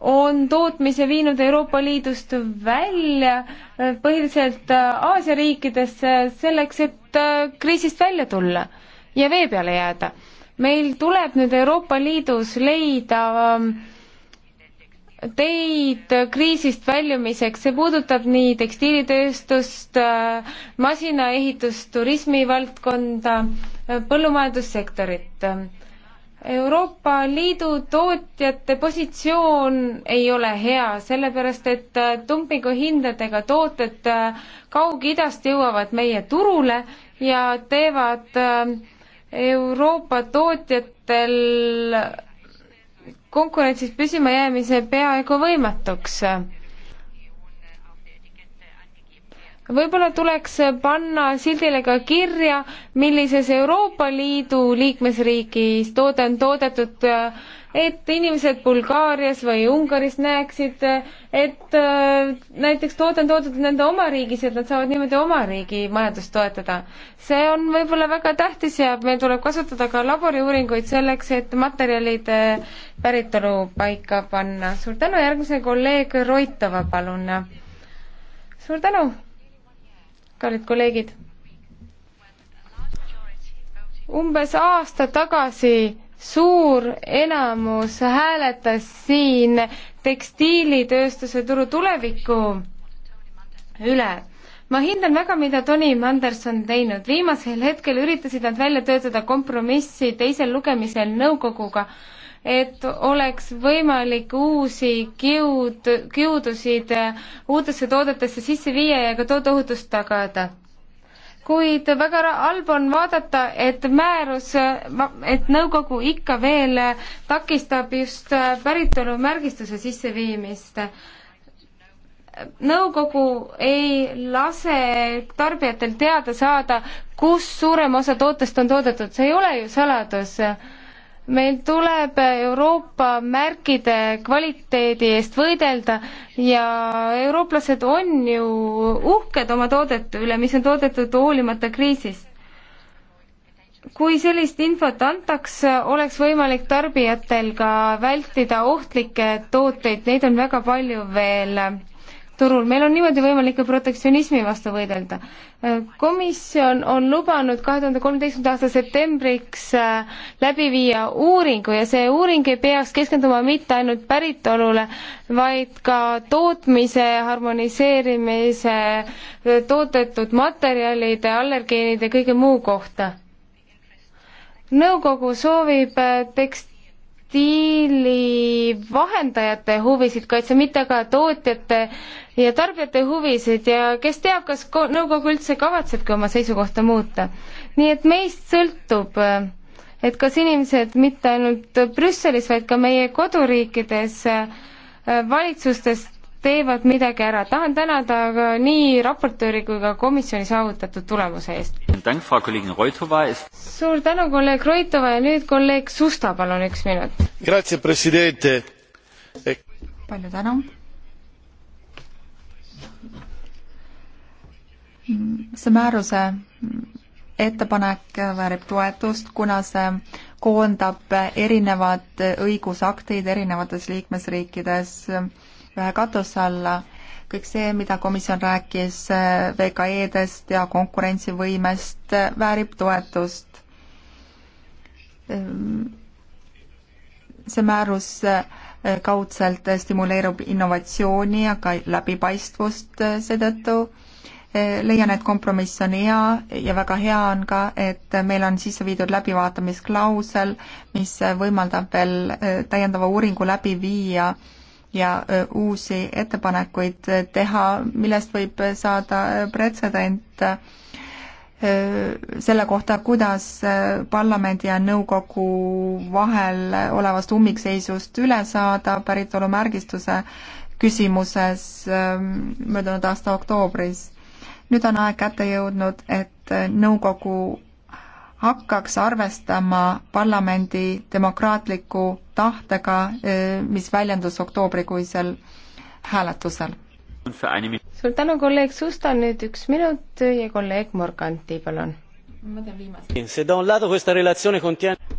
on tootmise viinud Euroopa Liidust välja, eh, põhiliselt eh, Aasia riikidesse, selleks et eh, kriisist välja tulla ja vee peale jääda. meil tuleb nüüd Euroopa Liidus leida teid kriisist väljumiseks, see puudutab nii tekstiilitööstust, masinaehitust, turismivaldkonda, põllumajandussektorit Euroopa Liidu tootjate positsioon ei ole hea, sellepärast et äh, dumpinguhindadega tooted äh, Kaug-Idast jõuavad meie turule ja teevad äh, Euroopa tootjatel konkurentsis püsima jäämise peaaegu võimatuks võib-olla tuleks panna sildile ka kirja, millises Euroopa Liidu liikmesriigis toode on toodetud, et inimesed Bulgaarias või Ungaris näeksid, et äh, näiteks toode on toodetud nende oma riigis, et nad saavad niimoodi oma riigi majandust toetada. see on võib-olla väga tähtis ja meil tuleb kasutada ka laboriuuringuid selleks, et materjalide päritolu paika panna. suur tänu, järgmise kolleeg Roitova, palun. suur tänu kallid kolleegid. umbes aasta tagasi suur enamus hääletas siin tekstiilitööstuse turu tuleviku üle. ma hindan väga, mida Tony Manders on teinud. viimasel hetkel üritasid nad välja töötada kompromissi teisel lugemisel nõukoguga et oleks võimalik uusi kiud, kiudusid uutesse toodetesse sisse viia ja ka tooteohutust tagada. kuid väga halb on vaadata, et määrus, et nõukogu ikka veel takistab just päritolumärgistuse sisseviimist nõukogu ei lase tarbijatel teada saada, kus suurem osa tootest on toodetud, see ei ole ju saladus meil tuleb Euroopa märkide kvaliteedi eest võidelda ja eurooplased on ju uhked oma toodete üle, mis on toodetud hoolimata kriisist. kui sellist infot antaks, oleks võimalik tarbijatel ka vältida ohtlikke tooteid, neid on väga palju veel turul, meil on niimoodi võimalik ka protektsionismi vastu võidelda. Äh, komisjon on lubanud kahe tuhande kolmeteistkümnenda aasta septembriks äh, läbi viia uuringu ja see uuring ei peaks keskenduma mitte ainult päritolule, vaid ka tootmise harmoniseerimise, äh, toodetud materjalide, allergeenide, kõige muu kohta nõukogu soovib tekst, tekstiili vahendajate huvisid kaitse, mitte ka tootjate ja tarbijate huvisid ja kes teab, kas nõukogu üldse kavatsebki oma seisukohta muuta. nii et meist sõltub, et kas inimesed mitte ainult Brüsselis, vaid ka meie koduriikides valitsustest teevad midagi ära. tahan tänada nii raportööri kui ka komisjoni saavutatud tulemuse eest. suur tänu, kolleeg Roitova ja nüüd kolleeg Susta, palun üks minut. E- palju tänu. see määruse ettepanek väärib toetust, kuna see koondab erinevad õigusaktid erinevates liikmesriikides ühe katuse alla kõik see, mida komisjon rääkis eh, VKE-dest ja konkurentsivõimest, eh, väärib toetust. Ehm, see määrus eh, kaudselt stimuleerub innovatsiooni ja ka läbipaistvust seetõttu leian, et kompromiss on hea ja väga hea on ka, et meil on sisse viidud läbivaatamisklausel, mis võimaldab veel täiendava uuringu läbi viia äh, ja uusi ettepanekuid e, teha, millest võib e, saada e, pretsedent selle kohta, kuidas parlamendi ja nõukogu vahel olevast ummikseisust üle saada päritolumärgistuse küsimuses möödunud aasta oktoobris. nüüd on aeg kätte jõudnud, et nõukogu hakkaks arvestama parlamendi demokraatliku tahtega, eh, mis väljendus oktoobrikuisel hääletusel. suur tänu, kolleeg Susta, nüüd üks minut ja kolleeg Morganti, palun. ma teen viimase.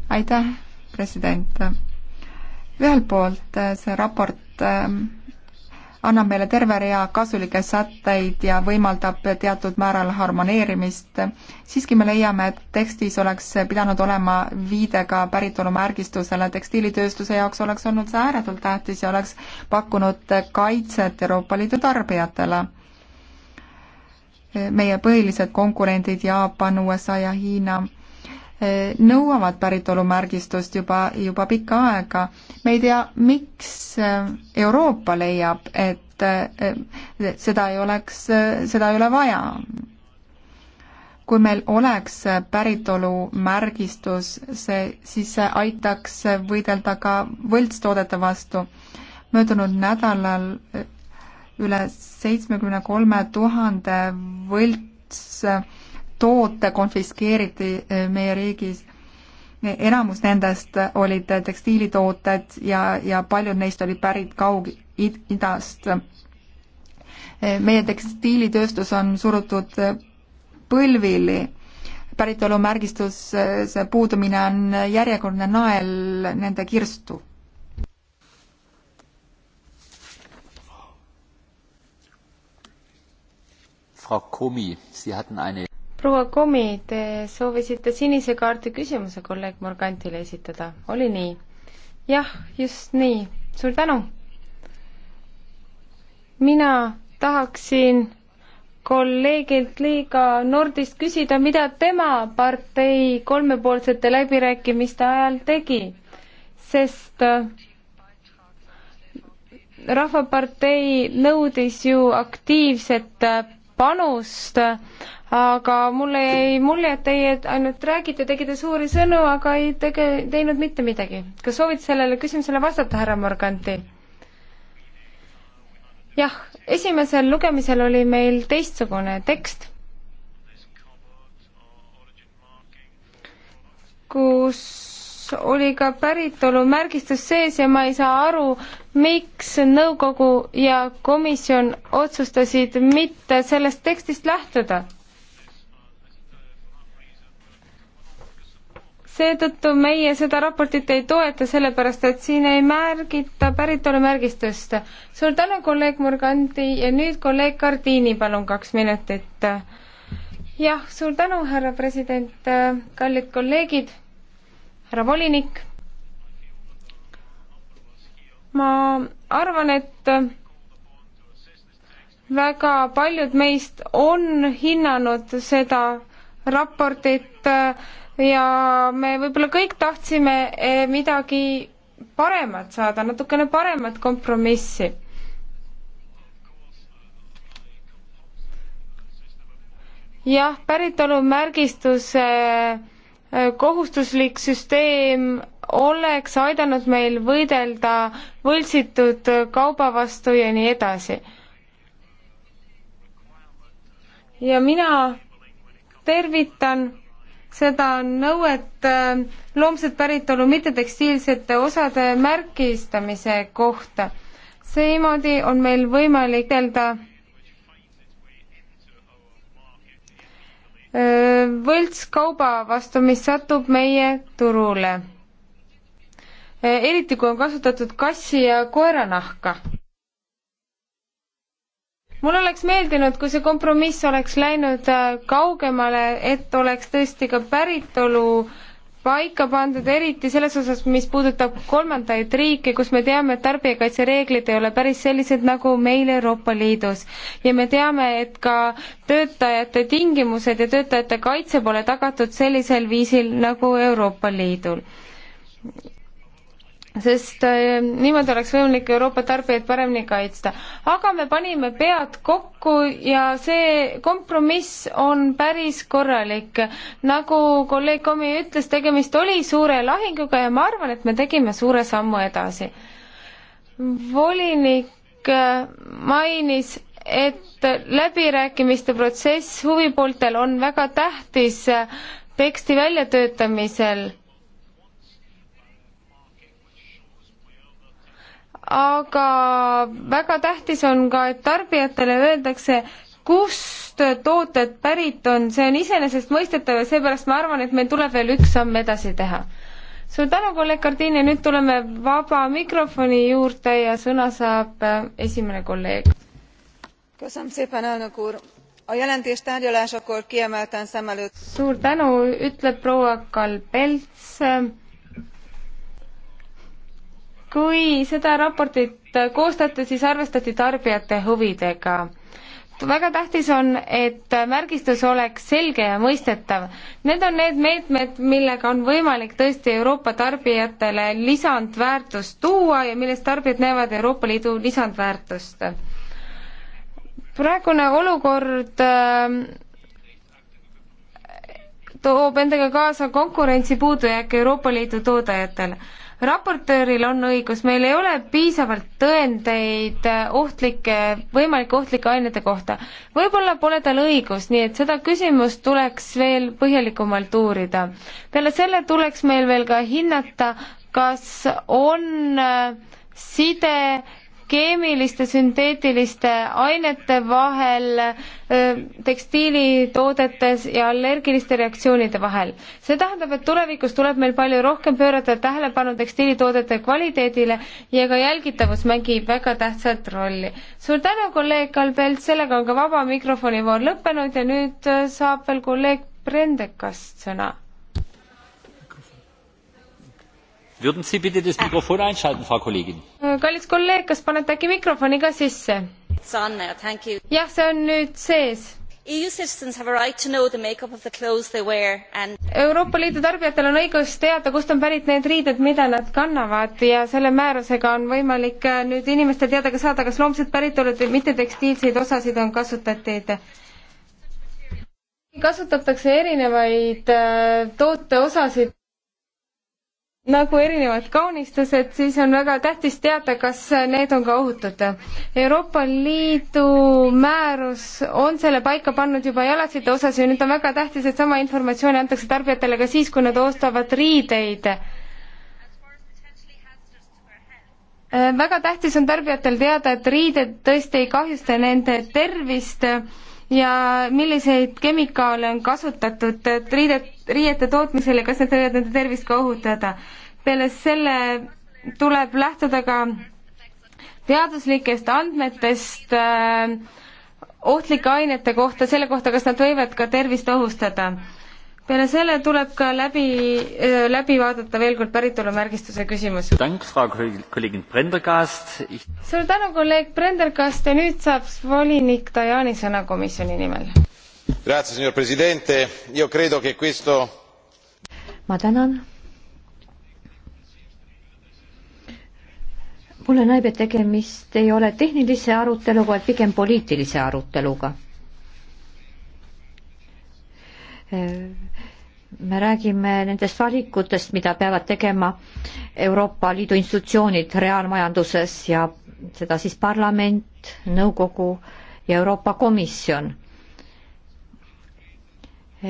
aitäh, president. ühelt poolt eh, see raport eh, annab meile terve rea kasulikke sätteid ja võimaldab teatud määral harmoneerimist. siiski me leiame, et tekstis oleks pidanud olema viide ka päritolumärgistusele, tekstiilitööstuse jaoks oleks olnud see ääretult tähtis ja oleks pakkunud kaitset Euroopa Liidu tarbijatele meie põhilised konkurendid Jaapan, USA ja Hiina nõuavad päritolumärgistust juba, juba pikka aega. me ei tea, miks äh, Euroopa leiab, et äh, seda ei oleks, äh, seda ei ole vaja. kui meil oleks päritolumärgistus, see, siis see aitaks võidelda ka võltstoodete vastu. möödunud nädalal üle seitsmekümne kolme tuhande võlts toote konfiskeeriti eh, meie riigis. enamus nendest olid eh, tekstiilitooted ja, ja paljud neist olid pärit Kaug-Idast. Eh, meie tekstiilitööstus on surutud põlvili päritolumärgistuse puudumine on järjekordne nael nende kirstu. Frau Komi, Sie hatten eine proua Komi, te soovisite sinise kaardi küsimuse kolleeg Morgantile esitada, oli nii? jah, just nii, suur tänu. mina tahaksin kolleegilt Liiga Nordist küsida, mida tema partei kolmepoolsete läbirääkimiste ajal tegi, sest äh, Rahvapartei nõudis ju aktiivset äh, panust aga mulle jäi mulje, et teie ainult räägite, tegite suuri sõnu, aga ei tege-, teinud mitte midagi. kas soovite sellele küsimusele vastata, härra Morganti? jah, esimesel lugemisel oli meil teistsugune tekst, kus oli ka päritolumärgistus sees ja ma ei saa aru, miks nõukogu ja komisjon otsustasid mitte sellest tekstist lähtuda seetõttu meie seda raportit ei toeta, sellepärast et siin ei märgita päritolumärgistust. suur tänu, kolleeg Morgandi ja nüüd kolleeg Kardiini, palun kaks minutit. jah, suur tänu, härra president, kallid kolleegid, härra volinik. ma arvan, et väga paljud meist on hinnanud seda raportit äh, ja me võib-olla kõik tahtsime eh, midagi paremat saada, natukene paremat kompromissi. jah, päritolumärgistuse äh, kohustuslik süsteem oleks aidanud meil võidelda võltsitud kauba vastu ja nii edasi. ja mina tervitan seda nõuet äh, loomset päritolu mittetekstiilsete osade märgistamise kohta. seemoodi on meil võimalik tegeleda äh, võltskauba vastu, mis satub meie turule. Äh, eriti, kui on kasutatud kassi ja koera nahka mul oleks meeldinud, kui see kompromiss oleks läinud äh, kaugemale, et oleks tõesti ka päritolu paika pandud, eriti selles osas, mis puudutab kolmandaid riike, kus me teame, et tarbijakaitsereeglid ei ole päris sellised nagu meil Euroopa Liidus. ja me teame, et ka töötajate tingimused ja töötajate kaitse pole tagatud sellisel viisil nagu Euroopa Liidul sest äh, niimoodi oleks võimalik Euroopa tarbijaid paremini kaitsta. aga me panime pead kokku ja see kompromiss on päris korralik. nagu kolleeg Komi ütles, tegemist oli suure lahinguga ja ma arvan, et me tegime suure sammu edasi. volinik äh, mainis, et läbirääkimiste protsess huvipooltel on väga tähtis äh, teksti väljatöötamisel aga väga tähtis on ka, et tarbijatele öeldakse, kust tooted pärit on, see on iseenesestmõistetav ja seepärast ma arvan, et meil tuleb veel üks samm edasi teha. suur tänu, kolleeg Kardiin ja nüüd tuleme vaba mikrofoni juurde ja sõna saab äh, esimene kolleeg. suur tänu, ütleb proua Kalbelts kui seda raportit koostati, siis arvestati tarbijate huvidega. väga tähtis on, et märgistus oleks selge ja mõistetav. Need on need meetmed, millega on võimalik tõesti Euroopa tarbijatele lisandväärtust tuua ja millest tarbijad näevad Euroopa Liidu lisandväärtust. praegune olukord äh, toob endaga kaasa konkurentsi puudujääk Euroopa Liidu toodajatele raportööril on õigus, meil ei ole piisavalt tõendeid ohtlike, võimalike ohtlike ainete kohta. võib-olla pole tal õigus, nii et seda küsimust tuleks veel põhjalikumalt uurida. peale selle tuleks meil veel ka hinnata, kas on äh, side keemiliste sünteetiliste ainete vahel tekstiilitoodetes ja allergiliste reaktsioonide vahel. see tähendab, et tulevikus tuleb meil palju rohkem pöörata tähelepanu tekstiilitoodete kvaliteedile ja ka jälgitavus mängib väga tähtsat rolli. suur tänu, kolleeg Kalbelt, sellega on ka vaba mikrofoni voor lõppenud ja nüüd saab veel kolleeg Prendekast sõna Ah. Äh, kallis kolleeg, kas panete äkki mikrofoni ka sisse? jah, see on nüüd sees. E right and... Euroopa Liidu tarbijatel on õigus teada, kust on pärit need riided, mida nad kannavad ja selle määrusega on võimalik äh, nüüd inimestel teada ka saada, kas loomset päritolu või mittetekstiilseid osasid on kasutatud kasutatakse erinevaid äh, tooteosasid nagu erinevad kaunistused, siis on väga tähtis teada, kas need on ka ohutud. Euroopa Liidu määrus on selle paika pannud juba jalatsite osas ja nüüd on väga tähtis, et sama informatsiooni antakse tarbijatele ka siis, kui nad ostavad riideid. väga tähtis on tarbijatel teada, et riided tõesti ei kahjusta nende tervist ja milliseid kemikaale on kasutatud riidet, riiete tootmisel ja kas need võivad nende tervist ka ohutada. peale selle tuleb lähtuda ka teaduslikest andmetest äh, ohtlike ainete kohta, selle kohta, kas nad võivad ka tervist ohustada peale selle tuleb ka läbi, äh, läbi vaadata veel kord päritolumärgistuse küsimus. suur tänu, kolleeg Prendergast ja nüüd saab volinik Tajani sõna komisjoni nimel. Questo... ma tänan. mulle näib, et tegemist ei ole tehnilise aruteluga, vaid pigem poliitilise aruteluga äh, me räägime nendest valikutest, mida peavad tegema Euroopa Liidu institutsioonid reaalmajanduses ja seda siis parlament, nõukogu ja Euroopa Komisjon.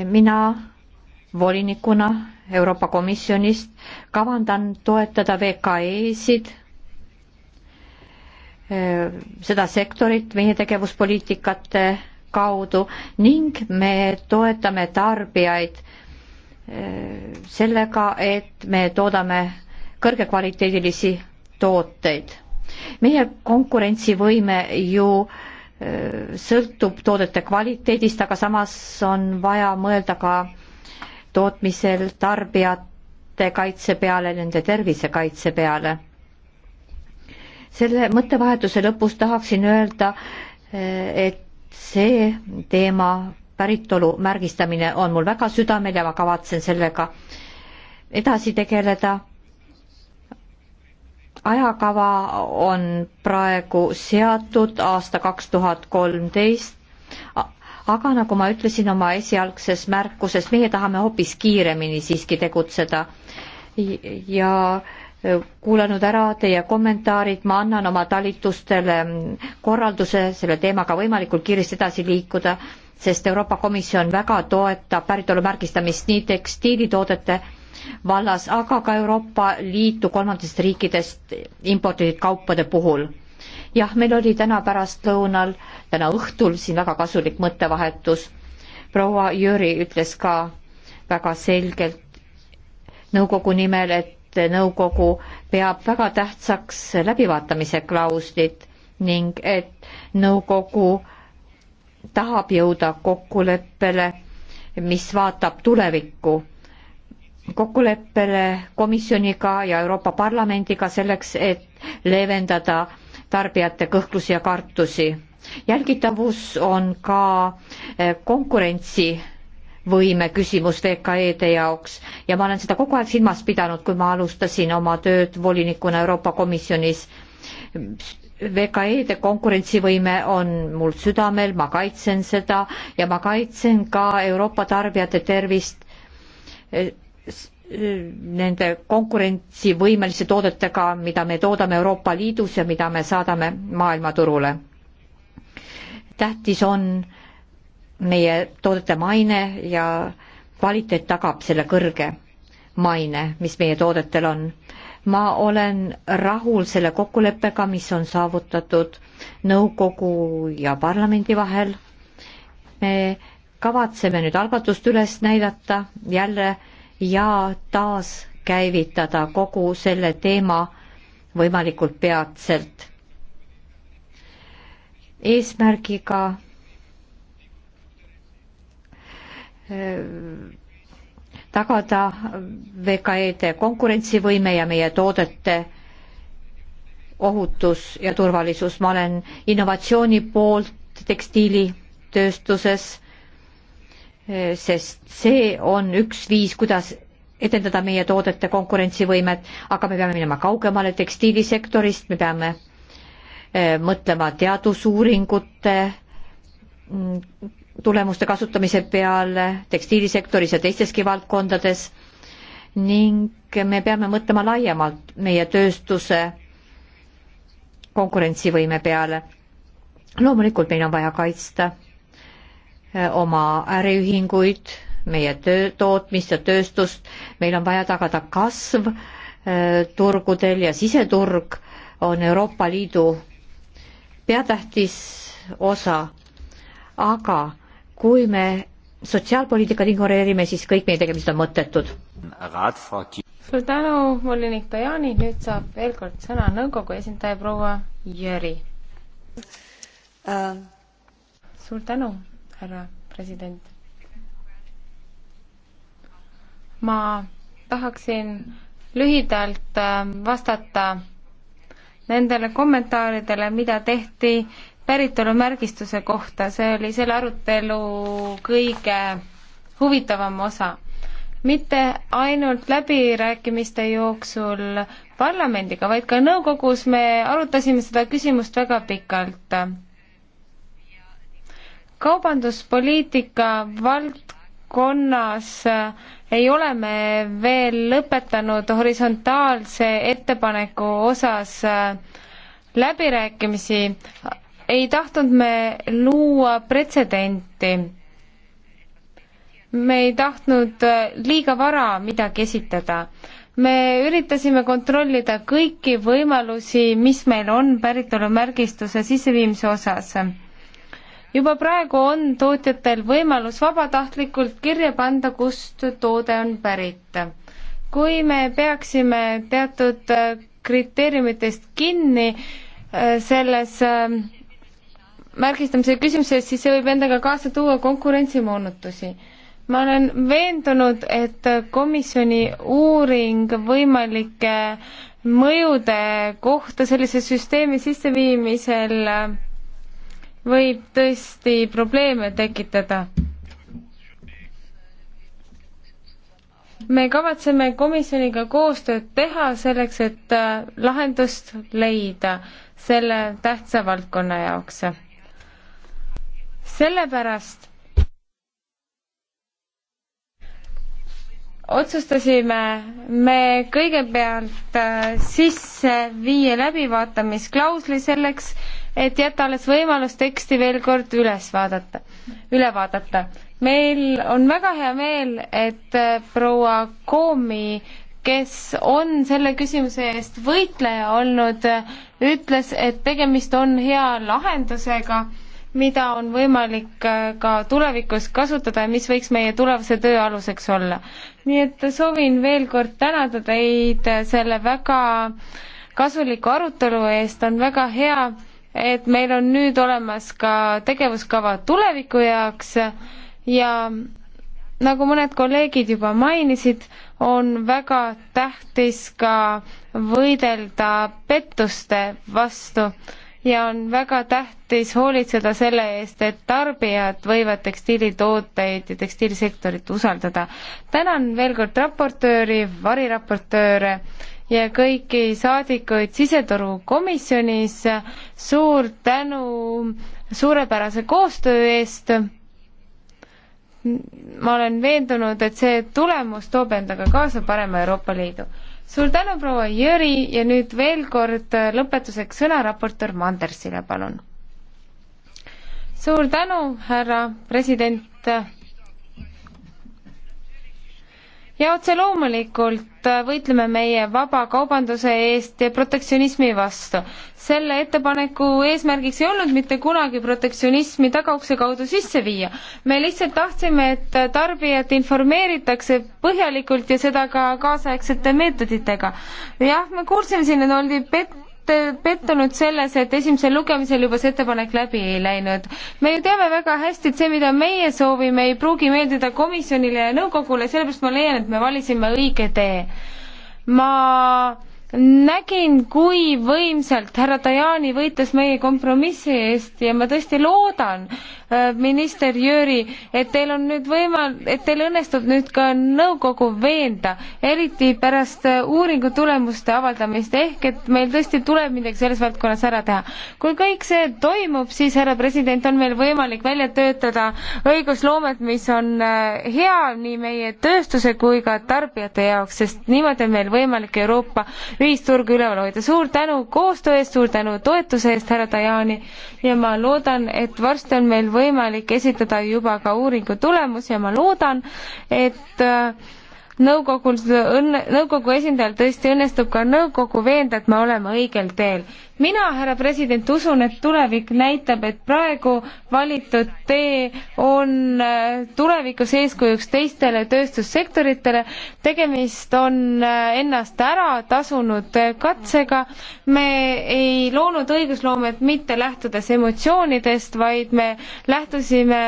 mina volinikuna Euroopa Komisjonist kavandan toetada VKE-sid, seda sektorit meie tegevuspoliitikate kaudu ning me toetame tarbijaid äh, sellega, et me toodame kõrgekvaliteedilisi tooteid. meie konkurentsivõime ju äh, sõltub toodete kvaliteedist, aga samas on vaja mõelda ka tootmisel tarbijate kaitse peale, nende tervise kaitse peale. selle mõttevahetuse lõpus tahaksin öelda, äh, et see teema päritolu märgistamine on mul väga südamel ja ma kavatsen sellega edasi tegeleda. ajakava on praegu seatud aasta kaks tuhat kolmteist, aga nagu ma ütlesin oma esialgses märkuses, meie tahame hoopis kiiremini siiski tegutseda ja kuulanud ära teie kommentaarid, ma annan oma talitustele korralduse selle teemaga võimalikult kiiresti edasi liikuda sest Euroopa Komisjon väga toetab päritolu märgistamist nii tekstiilitoodete vallas, aga ka Euroopa Liitu kolmandatest riikidest imporditud kaupade puhul. jah, meil oli täna pärastlõunal, täna õhtul siin väga kasulik mõttevahetus. proua Jüri ütles ka väga selgelt nõukogu nimel, et nõukogu peab väga tähtsaks läbivaatamise klauslit ning et nõukogu äh, tahab jõuda kokkuleppele, mis vaatab tulevikku, kokkuleppele komisjoniga ja Euroopa Parlamendiga selleks, et leevendada tarbijate kõhklusi ja kartusi. jälgitavus on ka eh, konkurentsi võime küsimus VKE-de jaoks ja ma olen seda kogu aeg silmas pidanud, kui ma alustasin oma tööd volinikuna Euroopa Komisjonis. VKE-de konkurentsivõime on mul südamel, ma kaitsen seda ja ma kaitsen ka Euroopa tarbijate tervist eh, eh, nende konkurentsivõimeliste toodetega, mida me toodame Euroopa Liidus ja mida me saadame maailmaturule. tähtis on meie toodete maine ja kvaliteet tagab selle kõrge maine, mis meie toodetel on ma olen rahul selle kokkuleppega, mis on saavutatud nõukogu ja parlamendi vahel. me kavatseme nüüd algatust üles näidata jälle ja taaskäivitada kogu selle teema võimalikult peatselt. eesmärgiga tagada VKE-de konkurentsivõime ja meie toodete ohutus ja turvalisus. ma olen innovatsiooni poolt tekstiilitööstuses, sest see on üks viis, kuidas edendada meie toodete konkurentsivõimet, aga me peame minema kaugemale tekstiilisektorist, me peame eh, mõtlema teadusuuringute mm, tulemuste kasutamise peale tekstiilisektoris ja teisteski valdkondades ning me peame mõtlema laiemalt meie tööstuse konkurentsivõime peale. loomulikult meil on vaja kaitsta eh, oma äriühinguid, meie töö, tootmist ja tööstust, meil on vaja tagada kasv eh, turgudel ja siseturg on Euroopa Liidu peatähtis osa, aga kui me sotsiaalpoliitikat ignoreerime, siis kõik meie tegemised on mõttetud. suur tänu, volinik Tajani, nüüd saab veel kord sõna nõukogu esindaja proua Jüri uh.. suur tänu, härra president. ma tahaksin lühidalt äh, vastata nendele kommentaaridele, mida tehti päritolumärgistuse kohta, see oli selle arutelu kõige huvitavam osa. mitte ainult läbirääkimiste jooksul parlamendiga, vaid ka nõukogus me arutasime seda küsimust väga pikalt. kaubanduspoliitika valdkonnas ei ole me veel lõpetanud horisontaalse ettepaneku osas läbirääkimisi ei tahtnud me luua pretsedenti. me ei tahtnud äh, liiga vara midagi esitada. me üritasime kontrollida kõiki võimalusi, mis meil on päritolumärgistuse sisseviimise osas juba praegu on tootjatel võimalus vabatahtlikult kirja panda, kust toode on pärit. kui me peaksime teatud äh, kriteeriumitest kinni äh, selles märgistamise küsimuses, siis see võib endaga kaasa tuua konkurentsimoonutusi. ma olen veendunud, et komisjoni uuring võimalike mõjude kohta sellise süsteemi sisseviimisel võib tõesti probleeme tekitada. me kavatseme komisjoniga koostööd teha selleks, et lahendust leida selle tähtsa valdkonna jaoks sellepärast otsustasime me kõigepealt äh, sisse viia läbivaatamisklausli selleks, et jätta alles võimalus teksti veel kord üles vaadata, üle vaadata. meil on väga hea meel, et äh, proua Koomi, kes on selle küsimuse eest võitleja olnud, ütles, et tegemist on hea lahendusega mida on võimalik äh, ka tulevikus kasutada ja mis võiks meie tulevase töö aluseks olla. nii et soovin veel kord tänada teid selle väga kasuliku arutelu eest, on väga hea, et meil on nüüd olemas ka tegevuskava tuleviku jaoks ja nagu mõned kolleegid juba mainisid, on väga tähtis ka võidelda pettuste vastu ja on väga tähtis hoolitseda selle eest, et tarbijad võivad tekstiilitooteid ja tekstiilisektorit usaldada. tänan veel kord raportööri, variraportööre ja kõiki saadikuid siseturukomisjonis, suur tänu suurepärase koostöö eest, ma olen veendunud, et see tulemus toob endaga kaasa parema Euroopa Liidu suur tänu, proua Jüri ja nüüd veel kord lõpetuseks sõna raportöör Mandersile, palun. suur tänu, härra president ja otse loomulikult äh, võitleme meie vaba kaubanduse eest ja protektsionismi vastu. selle ettepaneku eesmärgiks ei olnud mitte kunagi protektsionismi tagaukse kaudu sisse viia. me lihtsalt tahtsime, et tarbijat informeeritakse põhjalikult ja seda ka kaasaegsete meetoditega. jah, me kuulsime siin, et oldi pet-, olete pettunud selles, et esimesel lugemisel juba see ettepanek läbi ei läinud. me ju teame väga hästi, et see, mida meie soovime, ei pruugi meeldida komisjonile ja nõukogule, sellepärast ma leian, et me valisime õige tee. ma nägin, kui võimsalt härra Tajani võitles meie kompromissi eest ja ma tõesti loodan, äh, minister Jüri, et teil on nüüd võimal-, et teil õnnestub nüüd ka nõukogu veenda, eriti pärast äh, uuringu tulemuste avaldamist, ehk et meil tõesti tuleb midagi selles valdkonnas ära teha. kui kõik see toimub, siis härra president, on meil võimalik välja töötada õigusloomet, mis on äh, hea nii meie tööstuse kui ka tarbijate jaoks, sest niimoodi on meil võimalik Euroopa ühisturgu üleval hoida. suur tänu koostöö eest, suur tänu toetuse eest, härra Tajani, ja ma loodan, et varsti on meil võimalik esitada juba ka uuringu tulemus ja ma loodan, et äh, nõukogul õnne, nõukogu esindajal tõesti õnnestub ka nõukogu veenda, et me oleme õigel teel. mina, härra president, usun, et tulevik näitab, et praegu valitud tee on äh, tulevikus eeskujuks teistele tööstussektoritele. tegemist on äh, ennast ära tasunud äh, katsega. me ei loonud õigusloomet mitte lähtudes emotsioonidest, vaid me lähtusime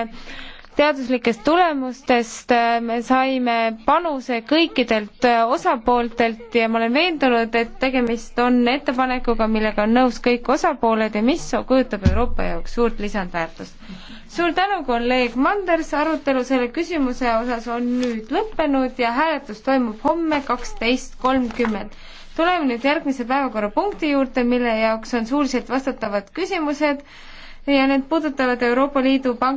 teaduslikest tulemustest, äh, me saime panuse kõikidelt äh, osapooltelt ja ma olen veendunud, et tegemist on ettepanekuga, millega on nõus kõik osapooled ja mis kujutab Euroopa jaoks suurt lisandväärtust. suur tänu, kolleeg Manders, arutelu selle küsimuse osas on nüüd lõppenud ja hääletus toimub homme kaksteist kolmkümmend tuleme nüüd järgmise päevakorrapunkti juurde, mille jaoks on suuliselt vastatavad küsimused ja need puudutavad Euroopa Liidu panga